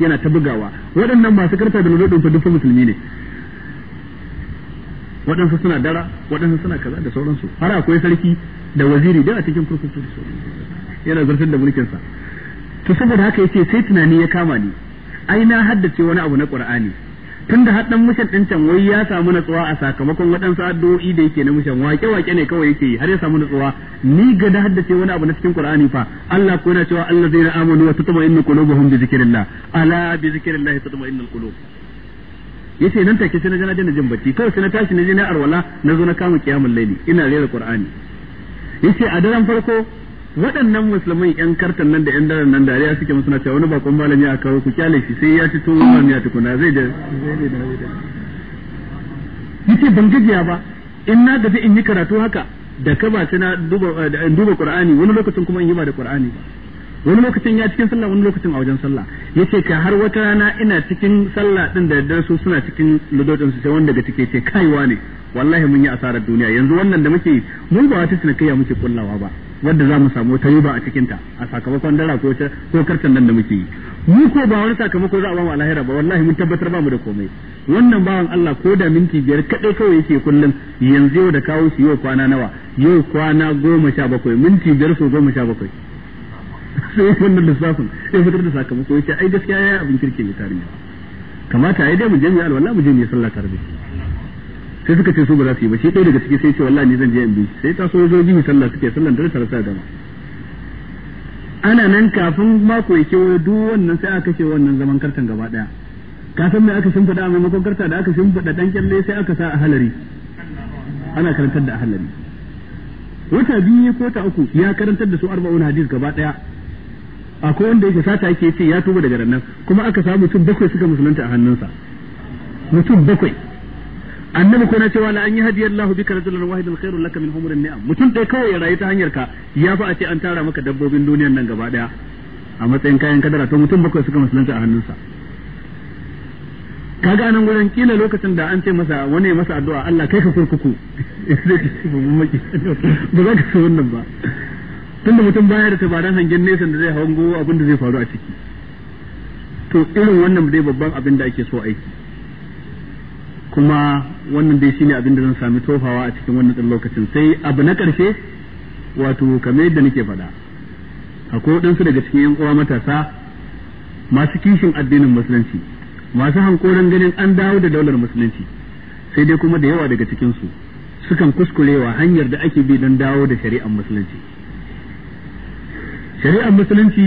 yana ta bugawa waɗannan masu karfa da lado din fa dukkan musulmi ne waɗansu suna dara waɗansu suna kaza da sauransu har akwai sarki da waziri da a cikin kurkuku yana zartar da mulkin sa to saboda haka yace sai tunani ya kama ni ai na haddace wani abu na qur'ani tunda har dan mushan din can wai ya samu natsuwa a sakamakon waɗansu addu'o'i da yake na mushan wake wake ne kawai yake yi har ya samu natsuwa ni ga da haddace wani abu na cikin qur'ani fa Allah ko yana cewa allazina amanu wa tatma'innu qulubuhum bi zikrillah ala bi zikrillah tatma'innu alqulub yace nan take sai na jana jana jin bacci kawai sai na tashi na je na arwala na zo na kama kiyamul laili ina rera qur'ani yace a daren farko waɗannan musulmai yan kartan nan da yan daren nan dariya suke musuna cewa wani bakon malami a kawo ku kyale shi sai ya ci wani malami a tukuna zai da yace ban gajiya ba in na gaji in yi karatu haka da ka ba ta eh, duba Qur'ani wani lokacin kuma in yi ba da Qur'ani wani lokacin ya cikin sallah wani lokacin a wajen sallah ce ka har wata rana ina cikin sallah din da dan su suna cikin ludodin su sai wanda daga take ce kaiwa ne wallahi mun yi asarar duniya yanzu wannan da muke mu ba wata ya muke kullawa ba wanda za mu samu ta riba a cikin ta a sakamakon dara ko ko kartan nan da muke yi mu ko ba wani sakamako za a ba mu alahira ba wallahi mun tabbatar ba mu da komai wannan bawan Allah ko da minti biyar kadai kawai yake kullun yanzu yau da kawo shi yau kwana nawa yau kwana goma sha bakwai minti biyar so goma sha bakwai sai wannan lissafin ya fitar da sakamako yace ai gaskiya ya abin kirki ne tarihi kamata ai dai mu je mu alwala mu je mu sallah tare sai suka ce su ba za su yi ba shi ɗaya daga ciki sai ce wallahi ni zan je in bi sai ta so zo jihi sallah suke sallan dare tare da dama ana nan kafin mako ya kewaye duk wannan sai aka ce wannan zaman kartan gaba daya kafin mai aka shimfiɗa a maimakon karta da aka shimfiɗa ɗan kyalle sai aka sa a halari ana karantar da a halari wata biyu ko ta uku ya karantar da su arba'un hadis gaba daya akwai wanda yake sata yake ce ya tuba daga nan kuma aka samu mutum bakwai suka musulunta a hannunsa mutum bakwai annabi ko na cewa la an yi hadiyar lahu bika rajulan wahidan khairun laka min humurin ni'am mutum dai kawai ya rayu ta hanyar ka ya fa a ce an tara maka dabbobin duniyar nan gaba daya a matsayin kayan kadara to mutum bakwai suka musulunta a hannunsa kaga nan gurin kila lokacin da an ce masa wani masa addu'a Allah kai ka furkuku ba za ka so wannan ba tunda mutum baya da tabaran hangen nesa da zai hango abin da zai faru a ciki to irin wannan dai babban abin da ake so aiki kuma wannan dai shine abin da zan sami tofawa a cikin wannan ɗan lokacin sai abu na karshe wato kamar yadda nake faɗa akwai waɗansu daga cikin yan uwa matasa masu kishin addinin musulunci masu hankoran ganin an dawo da daular musulunci sai dai kuma da yawa daga cikinsu sukan kuskurewa hanyar da ake bi don dawo da shari'ar musulunci shari'ar musulunci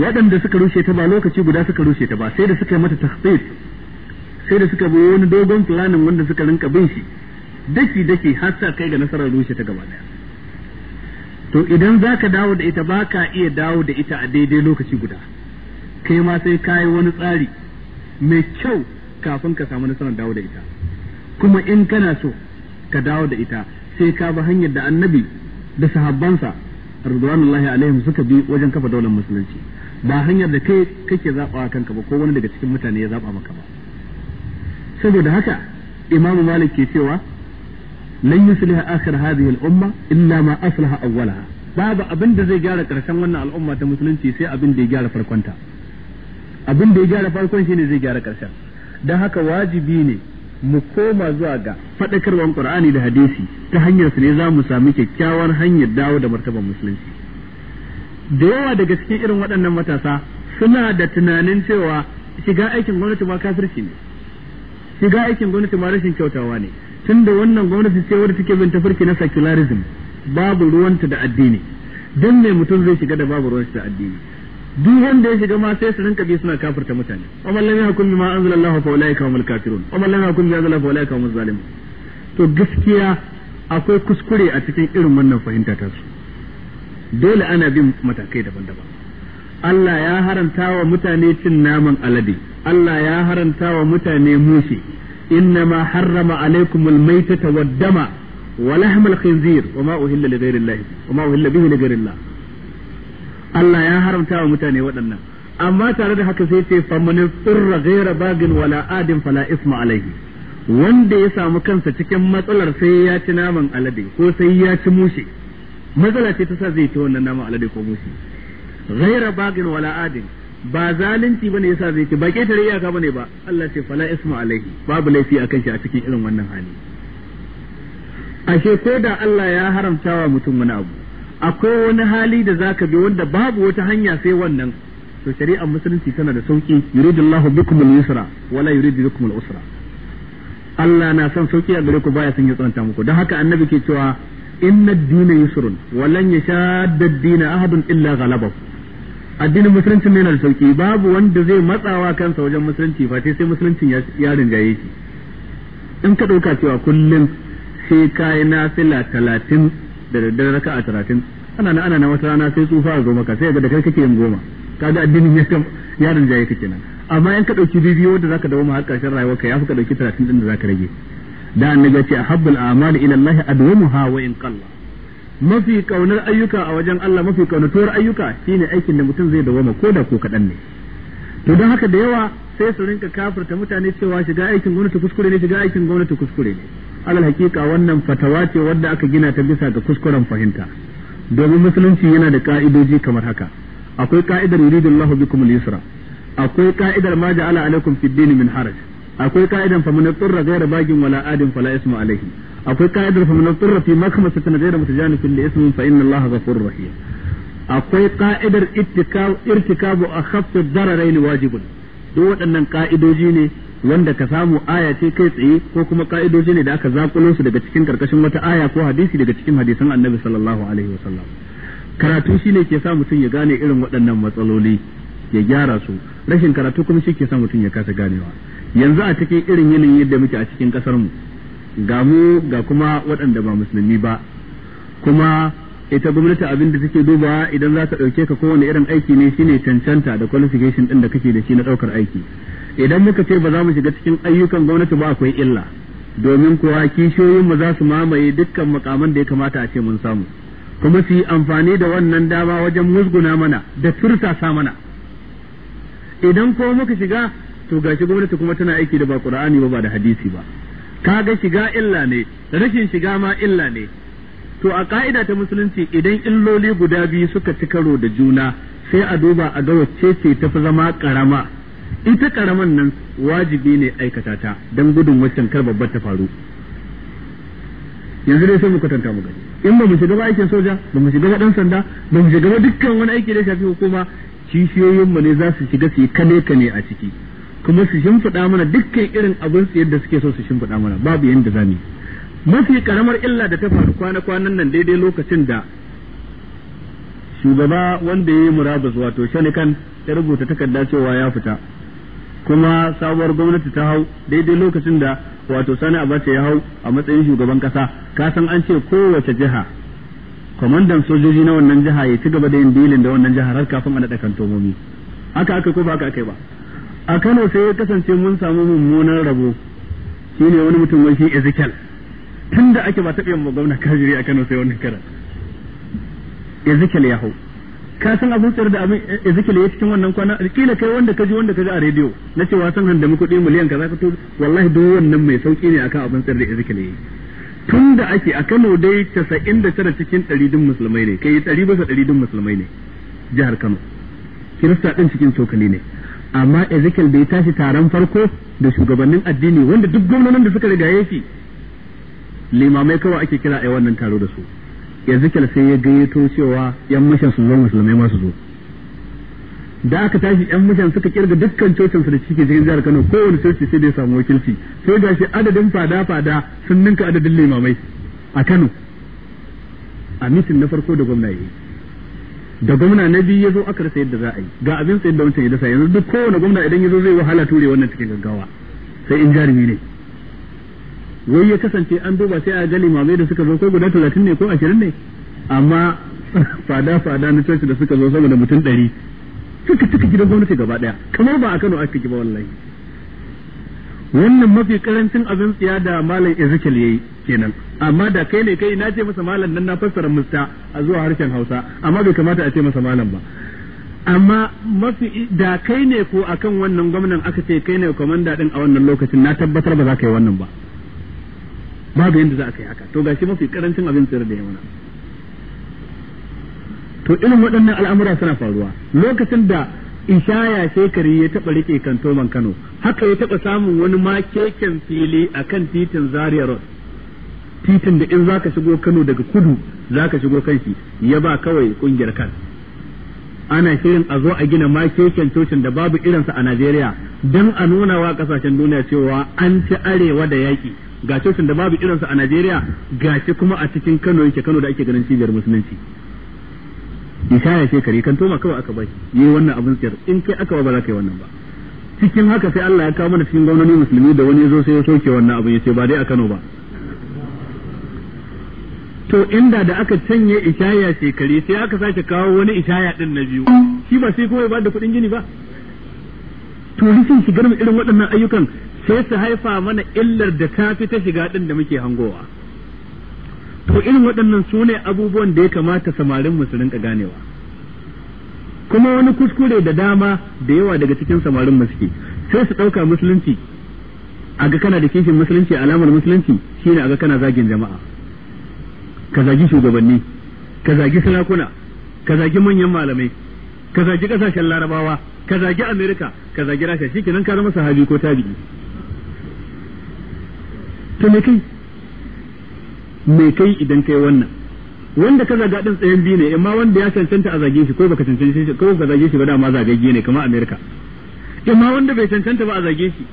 waɗanda suka rushe ta ba lokaci guda suka rushe ta ba sai da suka yi mata tahqiq sai da suka bi wani dogon planin wanda suka rinka bin shi daki daki har sa kai ga nasarar rushe ta gaba daya to idan zaka dawo da ita baka iya dawo da ita a daidai lokaci guda kai ma sai kayi wani tsari mai kyau kafin ka samu nasarar dawo da ita kuma in kana so ka dawo da ita sai ka bi hanyar da annabi da sahabbansa radwanullahi alaihim suka bi wajen kafa daular musulunci ba hanyar da kai kake zaɓa kanka ba ko wani daga cikin mutane ya zaɓa maka ba saboda haka imamu malik ke cewa lan yusliha akhir hadhihi al-umma illa ma aslaha awwalaha babu abin da zai gyara karshen wannan al'umma ta musulunci sai abin da ya gyara farkonta abin da ya gyara farkon shine zai gyara karshen dan haka wajibi ne mu koma zuwa ga faɗakarwar Qur'ani da hadisi ta hanyar su ne za mu sami kyakkyawar hanyar dawo da martaban musulunci da yawa daga cikin irin waɗannan matasa suna da tunanin cewa shiga aikin gwamnati ma kafirci ne shiga aikin gwamnati ma rashin kyautawa ne tunda wannan gwamnati ce wadda take bin tafarki na secularism babu ruwanta da addini dan me mutum zai shiga da babu ruwanta da addini duk wanda ya shiga ma sai su rinka bi suna kafirta mutane wa man lam yahkum bima anzala Allah fa ulaika humul kafirun wa man lam yahkum bima anzala fa ulaika humuz zalimun to gaskiya akwai kuskure a cikin irin wannan fahimta ta su dole ana bin matakai daban-daban Allah ya haranta wa mutane cin naman alade Allah ya haranta wa mutane mushi إنما حرم عليكم الميتة والدم ولحم الخنزير وما أهل لغير الله وما أهل به لغير الله Allah ya haramta wa mutane waɗannan amma tare da haka sai ce famani tsirra gaira bagin wala adin fala isma alaihi wanda ya samu kansa cikin matsalar sai ya ci naman alade ko sai ya ci mushe matsala ce ta sa zai ci wannan naman alade ko mushe Gaira bagin wala adin ba zalunci bane yasa zai ci ba ketare iyaka bane ba Allah ce fala isma alaihi babu laifi akan shi a cikin irin wannan hali ashe ko da Allah ya haramta wa mutum wani abu akwai wani hali da zaka bi wanda babu wata hanya sai wannan to shari'ar musulunci tana da sauki yuridullahu bikum al-yusra wala yuridu bikum al-usra Allah na son sauki a gare ku baya son ya tsananta muku don haka annabi ke cewa inna ad-dina yusrun walan yashadda ad-dina ahadun illa ghalabahu addinin musulunci ne na da sauki babu wanda zai matsawa kansa wajen musulunci ba sai musuluncin ya rinjaye shi in ka dauka cewa kullum sai kai nafila talatin da daddare raka a talatin ana na ana na wata rana sai tsufa a maka sai ga da kai kake yin goma kaga addinin ya kan yaron jaye kake nan amma in ka dauki bibiyo wanda zaka dawo ma har karshen rayuwarka yafi ka dauki talatin din da zaka rage da annabi ce ahabbul a'mal ila Allah adwamuha wa in qalla mafi kaunar ayyuka a wajen Allah mafi kaunatuwar ayyuka shine aikin da mutum zai dawo ko da ko kadan ne to don haka da yawa sai su rinka kafirta mutane cewa shiga aikin gwamnati kuskure ne shiga aikin gwamnati kuskure ne alal hakika wannan fatawa ce wadda aka gina ta bisa ga kuskuren fahimta domin musulunci yana da ka'idoji kamar haka akwai ka'idar yuridullahu bikum al-yusra akwai ka'idar ma ja'ala alaikum fid din min haraj akwai ka'idan fa man tsirra ghayra bagin wala adin fala ismu alaihi akwai ka'idar fa man tsirra fi makmasatin ghayra mutajanifin li ismin fa inna allaha ghafurur rahim akwai ka'idar irtikabu akhaffu dararain wajibun duk waɗannan ka'idoji ne wanda ka samu aya ce kai tsaye ko kuma ka'idoji ne da aka zakulo su daga cikin karkashin wata aya ko hadisi daga cikin hadisan annabi sallallahu alaihi wasallam karatu shine ke sa mutum ya gane irin waɗannan matsaloli ya gyara su rashin karatu kuma shi ke sa mutum ya kasa ganewa yanzu a cikin irin yanayin yadda muke a cikin kasar mu ga mu ga kuma waɗanda ba musulmi ba kuma ita gwamnati abin da take dubawa idan za ta ɗauke ka kowane irin aiki ne shine cancanta da qualification din da kake da shi na ɗaukar aiki idan muka ce ba za mu shiga cikin ayyukan gwamnati ba akwai illa domin kuwa kishiyoyin mu za su mamaye dukkan makaman da ya kamata a ce mun samu kuma su yi amfani da wannan dama wajen musguna mana da tursasa mana idan ko muka shiga to gashi gwamnati kuma tana aiki da ba qur'ani ba ba da hadisi ba kaga shiga illa ne rashin shiga ma illa ne to a ka'ida ta musulunci idan illoli guda biyu suka ci karo da juna sai a duba a ga wacce ce ta fi zama karama ita karaman nan wajibi ne aikata ta don gudun waccan kar babbar ta faru yanzu dai sai mu kwatanta mu gani in ba mu shiga ba aikin soja ba mu shiga ba dan sanda ba mu shiga ba dukkan wani aiki da shafi hukuma kishiyoyin mu ne za su shiga su yi kane kane a ciki kuma su shimfiɗa mana dukkan irin abin su yadda suke so su shimfiɗa mana babu yanda zamu yi mafi karamar illa da ta faru kwana-kwanan nan daidai lokacin da shugaba wanda ya yi murabus wato shanikan ya rubuta takarda cewa ya fita kuma sabuwar gwamnati ta hau daidai lokacin da wato sani abace ya hau a matsayin shugaban kasa kasan an ce kowace jiha kwamandan sojoji na wannan jiha ya ci gaba da yin dilin da wannan jihar har kafin a naɗa kantomomi haka aka ko ba aka kai ba a kano sai ya kasance mun samu mummunan rabo shine wani mutum wani shi ezekiel tun da ake ba taɓa yin gwamna kajiri a Kano sai wannan kara. Ezekiel ya hau ka san abin tsar da abin eh, Ezekiel ya cikin wannan kwana kila kai wanda kaji wanda kaji a rediyo na cewa handa muku kuɗi miliyan kaza ka to wallahi duk wannan mai sauki ne akan abin tsar da Ezekiel ya tun da ake a Kano dai 99 cikin 100 din musulmai ne kai 100 bisa 100 din musulmai ne jihar Kano kirista din cikin cokali ne amma Ezekiel bai tashi taron farko da shugabannin addini wanda duk gwamnonin da suka rigaye shi limamai kawai ake kira a wannan taro da su kyal sai ya gayyato cewa yan mashan su zo musulmai masu zo da aka tashi yan mashan suka kirga dukkan cocin su da cike cikin jihar kano kowane coci sai da samu wakilci sai ga shi adadin fada fada sun ninka adadin limamai a kano a mitin na farko da gwamna da gwamna na biyu ya zo aka rasa yadda za a yi ga abin tsayin da wancan ya dasa yanzu duk kowane gwamna idan ya zai wahala ture wannan cikin gaggawa sai in jarumi ne wai ya kasance an duba sai a ga limamai da suka zo ko guda talatin ne ko ashirin ne amma fada fada na coci da suka zo sama da mutum ɗari suka cika gidan gwamnati gaba ɗaya kamar ba a Kano aka ba wallahi wannan mafi karancin abin tsiya da malam Ezekiel yi kenan amma da kai ne kai na ce masa malam nan na fassara musta a zuwa harshen Hausa amma bai kamata a ce masa malam ba amma mafi da kai ne ko akan wannan gwamnan aka ce kai ne komanda din a wannan lokacin na tabbatar ba za ka yi wannan ba babu yadda za a kai haka to gashi mafi karancin abin tsira da yamma to irin waɗannan al'amura suna faruwa lokacin da ishaya shekari ya taɓa rike kantoman kano haka ya taɓa samun wani makeken fili a kan titin zaria road titin da in zaka shigo kano daga kudu zaka shigo kanshi ya ba kawai kungiyar kan ana shirin a zo a gina makeken cocin da babu irinsa a najeriya don a nuna wa kasashen duniya cewa an ci arewa da yaƙi ga cocin da babu irinsa a Najeriya ga shi kuma a cikin Kano yake Kano da ake ganin cibiyar musulunci ishaya shekari kan toma kawai aka bai yi wannan abin tsayar in kai aka ba za ka yi wannan ba cikin haka sai Allah ya kawo mana cikin gwamnati musulmi da wani zo sai ya soke wannan abin ya ce ba dai a Kano ba to inda da aka canye ishaya shekari sai aka sake kawo wani ishaya din na biyu shi ba sai kuma ya bada kuɗin gini ba to rikin shigar irin waɗannan ayyukan sai su haifa mana illar da tafi ta shiga din da muke hangowa to irin waɗannan su ne abubuwan da ya kamata samarin musulun ka ganewa kuma wani kuskure da dama da yawa daga cikin samarin musulunci sai su ɗauka musulunci a ga kana da kishin musulunci alamar musulunci shine a ga kana zagin jama'a ka zagi shugabanni ka zagi sarakuna ka zagi manyan malamai ka zagi ƙasashen larabawa ka zagi amerika ka zagi rasha shikenan ka zama sahabi ko tabi'i to me kai me kai idan kai wannan wanda ka zaga din tsayen biyu ne amma wanda ya cancanta a zage shi ko baka cancanta shi ko baka zage shi ba dama zagagge ne kamar America amma wanda bai cancanta ba a zage shi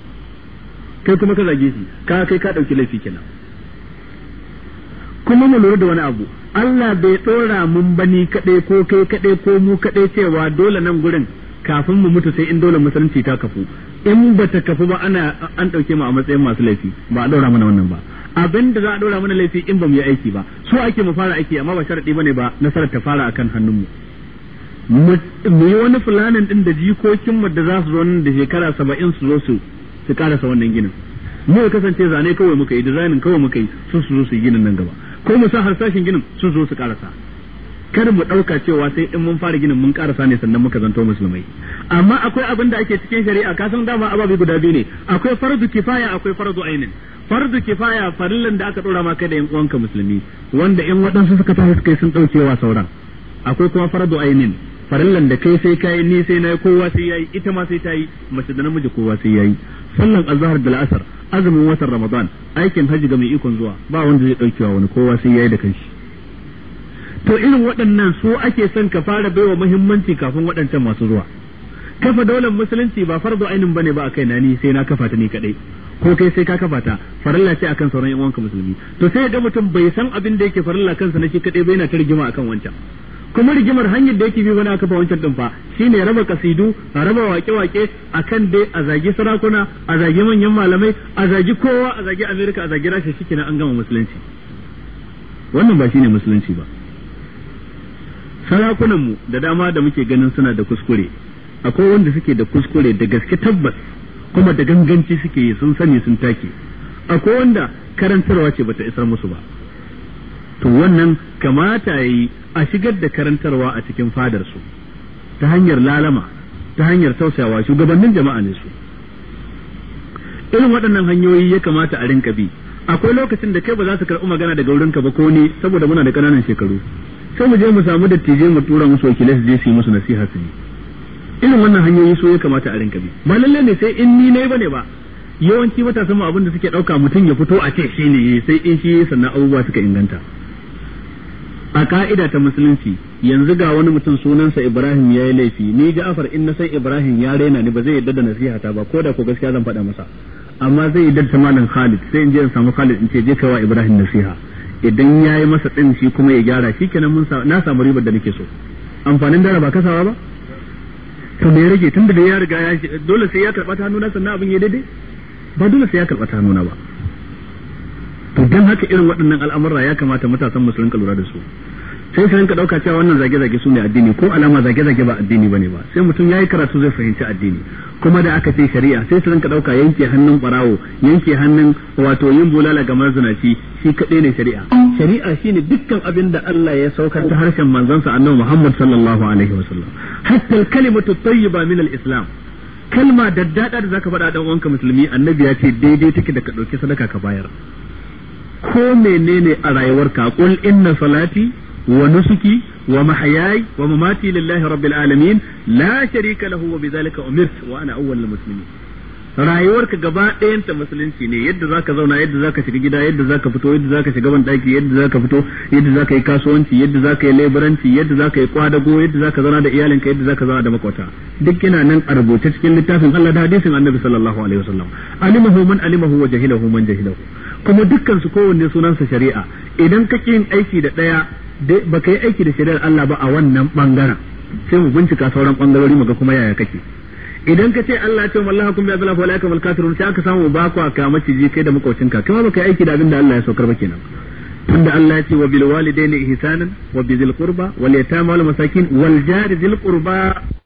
kai kuma ka zage shi ka kai ka dauki laifi kenan kuma mu lura da wani abu Allah bai tsora mun bani kadai ko kai kadai ko mu kadai cewa dole nan gurin kafin mu mutu sai in dole musulunci ta kafu in ba ta kafu ba ana an dauke mu a matsayin masu laifi ba a daura mana wannan ba abin da za a daura mana laifi in ba mu yi aiki ba su ake mu fara aiki amma ba sharadi bane ba nasarar ta fara akan hannun mu mu yi wani fulanin din da jikokin mu da za su zo nan da shekara saba'in su zo su su karasa wannan ginin mu ya kasance zane kawai muka yi designing kawai muka yi sun su zo su yi ginin nan gaba ko mu sa harsashin ginin su zo su karasa kar mu ɗauka cewa sai in mun fara ginin mun karasa ne sannan muka zanto musulmai amma akwai abin da ake cikin shari'a ka san dama ababi guda biyu ne akwai fardu kifaya akwai fardu ainin fardu kifaya farillan da aka dora ma kai da yan uwanka musulmi wanda in waɗansu suka tafi suka sun ɗaukewa sauran akwai kuma fardu ainin farillan da kai sai kai ni sai na kowa sai yayi ita ma sai ta yi mace da namiji kowa sai yayi sallan azhar da asar azumin watan ramadan aikin hajji ga mai ikon zuwa ba wanda zai ɗaukewa wani kowa sai yayi da kanshi to irin waɗannan su ake son ka fara baiwa muhimmanci kafin waɗancan masu zuwa kafa daular musulunci ba fardu ainin bane ba akai na ni sai na kafa ta ni kadai ko kai sai ka kafa ta farilla ce akan sauran yan uwanka musulmi to sai ga mutum bai san abin da yake farilla kansa na shi kadai bai yana ta rigima akan wancan kuma rigimar hanyar da yake bi wani aka fa wancan din fa shine raba kasidu a raba wake-wake akan dai a zagi sarakuna a zagi manyan malamai a zagi kowa a zagi amerika a zagi rasha shikenan an gama musulunci wannan ba ne musulunci ba sarakunan mu da dama da muke ganin suna da kuskure akwai wanda suke da kuskure da gaske tabbas kuma da ganganci suke yi sun sani sun take akwai wanda karantarwa ce bata isar musu ba to wannan kamata yayi a shigar da karantarwa a cikin fadar su ta hanyar lalama ta hanyar tausayawa shugabannin jama'a ne su irin waɗannan hanyoyi ya kamata a rinka bi akwai lokacin da kai ba za su karɓi magana daga wurinka ba ko ne saboda muna da ƙananan shekaru sai mu je mu samu dattijai mu tura musu wakilai su je su yi musu nasiha su bi irin wannan hanyoyi so ya kamata a rinka bi ba lalle ne sai in ni ne bane ba yawanci matasa mu abin da suke dauka mutum ya fito a ce shi ne sai in shi sannan abubuwa suka inganta a ka'ida ta musulunci yanzu ga wani mutum sunansa Ibrahim ya yi laifi ni Ja'far in na san Ibrahim ya raina ni ba zai yarda da nasiha ta ba ko da ko gaskiya zan faɗa masa amma zai yarda ta malam Khalid sai in je in samu Khalid in ce je kai wa Ibrahim nasiha idan ya yi masa ɗin shi kuma ya gyara shi kenan mun na samu ribar da nake so amfanin dara ba kasawa ba to me ya rage tun da ya riga ya dole sai ya karɓa ta hannuna sannan abin ya daidai ba dole sai ya karɓa ta hannuna ba to dan haka irin waɗannan al'amura ya kamata matasan musulun ka lura da su sai su rinka dauka cewa wannan zage-zage su ne addini ko alama zage-zage ba addini bane ba sai mutum yayi karatu zai fahimci addini kuma da aka ce shari'a sai su rinka dauka yanke hannun barawo yanke hannun wato yin bulala ga mazinaci shi kadai ne shari'a shari'a shine dukkan abin da Allah ya saukar ta harshen manzansa Annabi Muhammad sallallahu alaihi wasallam hatta kalimatu tayyiba min al-islam kalma daddada da zaka faɗa dan uwanka musulmi annabi ya ce daidai take da ka dauki sadaka ka bayar ko menene a rayuwarka qul inna salati wa nusuki wa mahayai wa mamati lillahi rabbil alamin la sharika lahu wa bidhalika umirtu wa ana awwalul muslimin gaba ɗayanta musulunci ne yadda zaka zauna yadda zaka shiga gida yadda zaka fito yadda zaka shiga ban daki yadda zaka fito yadda zaka yi kasuwanci yadda zaka yi leburanci yadda zaka yi kwadago yadda zaka zauna da iyalinka yadda zaka zauna da makwata duk yana nan a rubuce cikin littafin Allah da hadisin Annabi sallallahu alaihi wasallam alimahu man alimahu wa jahilahu man jahilahu kuma dukkan su kowanne sunansa shari'a idan kake yin aiki da daya ba ka yi aiki da shirar Allah ba a wannan bangaren sai mu bincika sauran bangarori muga kuma yaya kake idan ka ce Allah ce wallahi kun bi azla fa laika mal kafirun sai aka samu ba kwa ka maciji kai da makocinka kuma baka yi aiki da abin da Allah ya saukar ba kenan tunda Allah ya ce wa bil walidaini ihsanan wa bi dhil qurba wal yatama wal masakin wal jari dhil qurba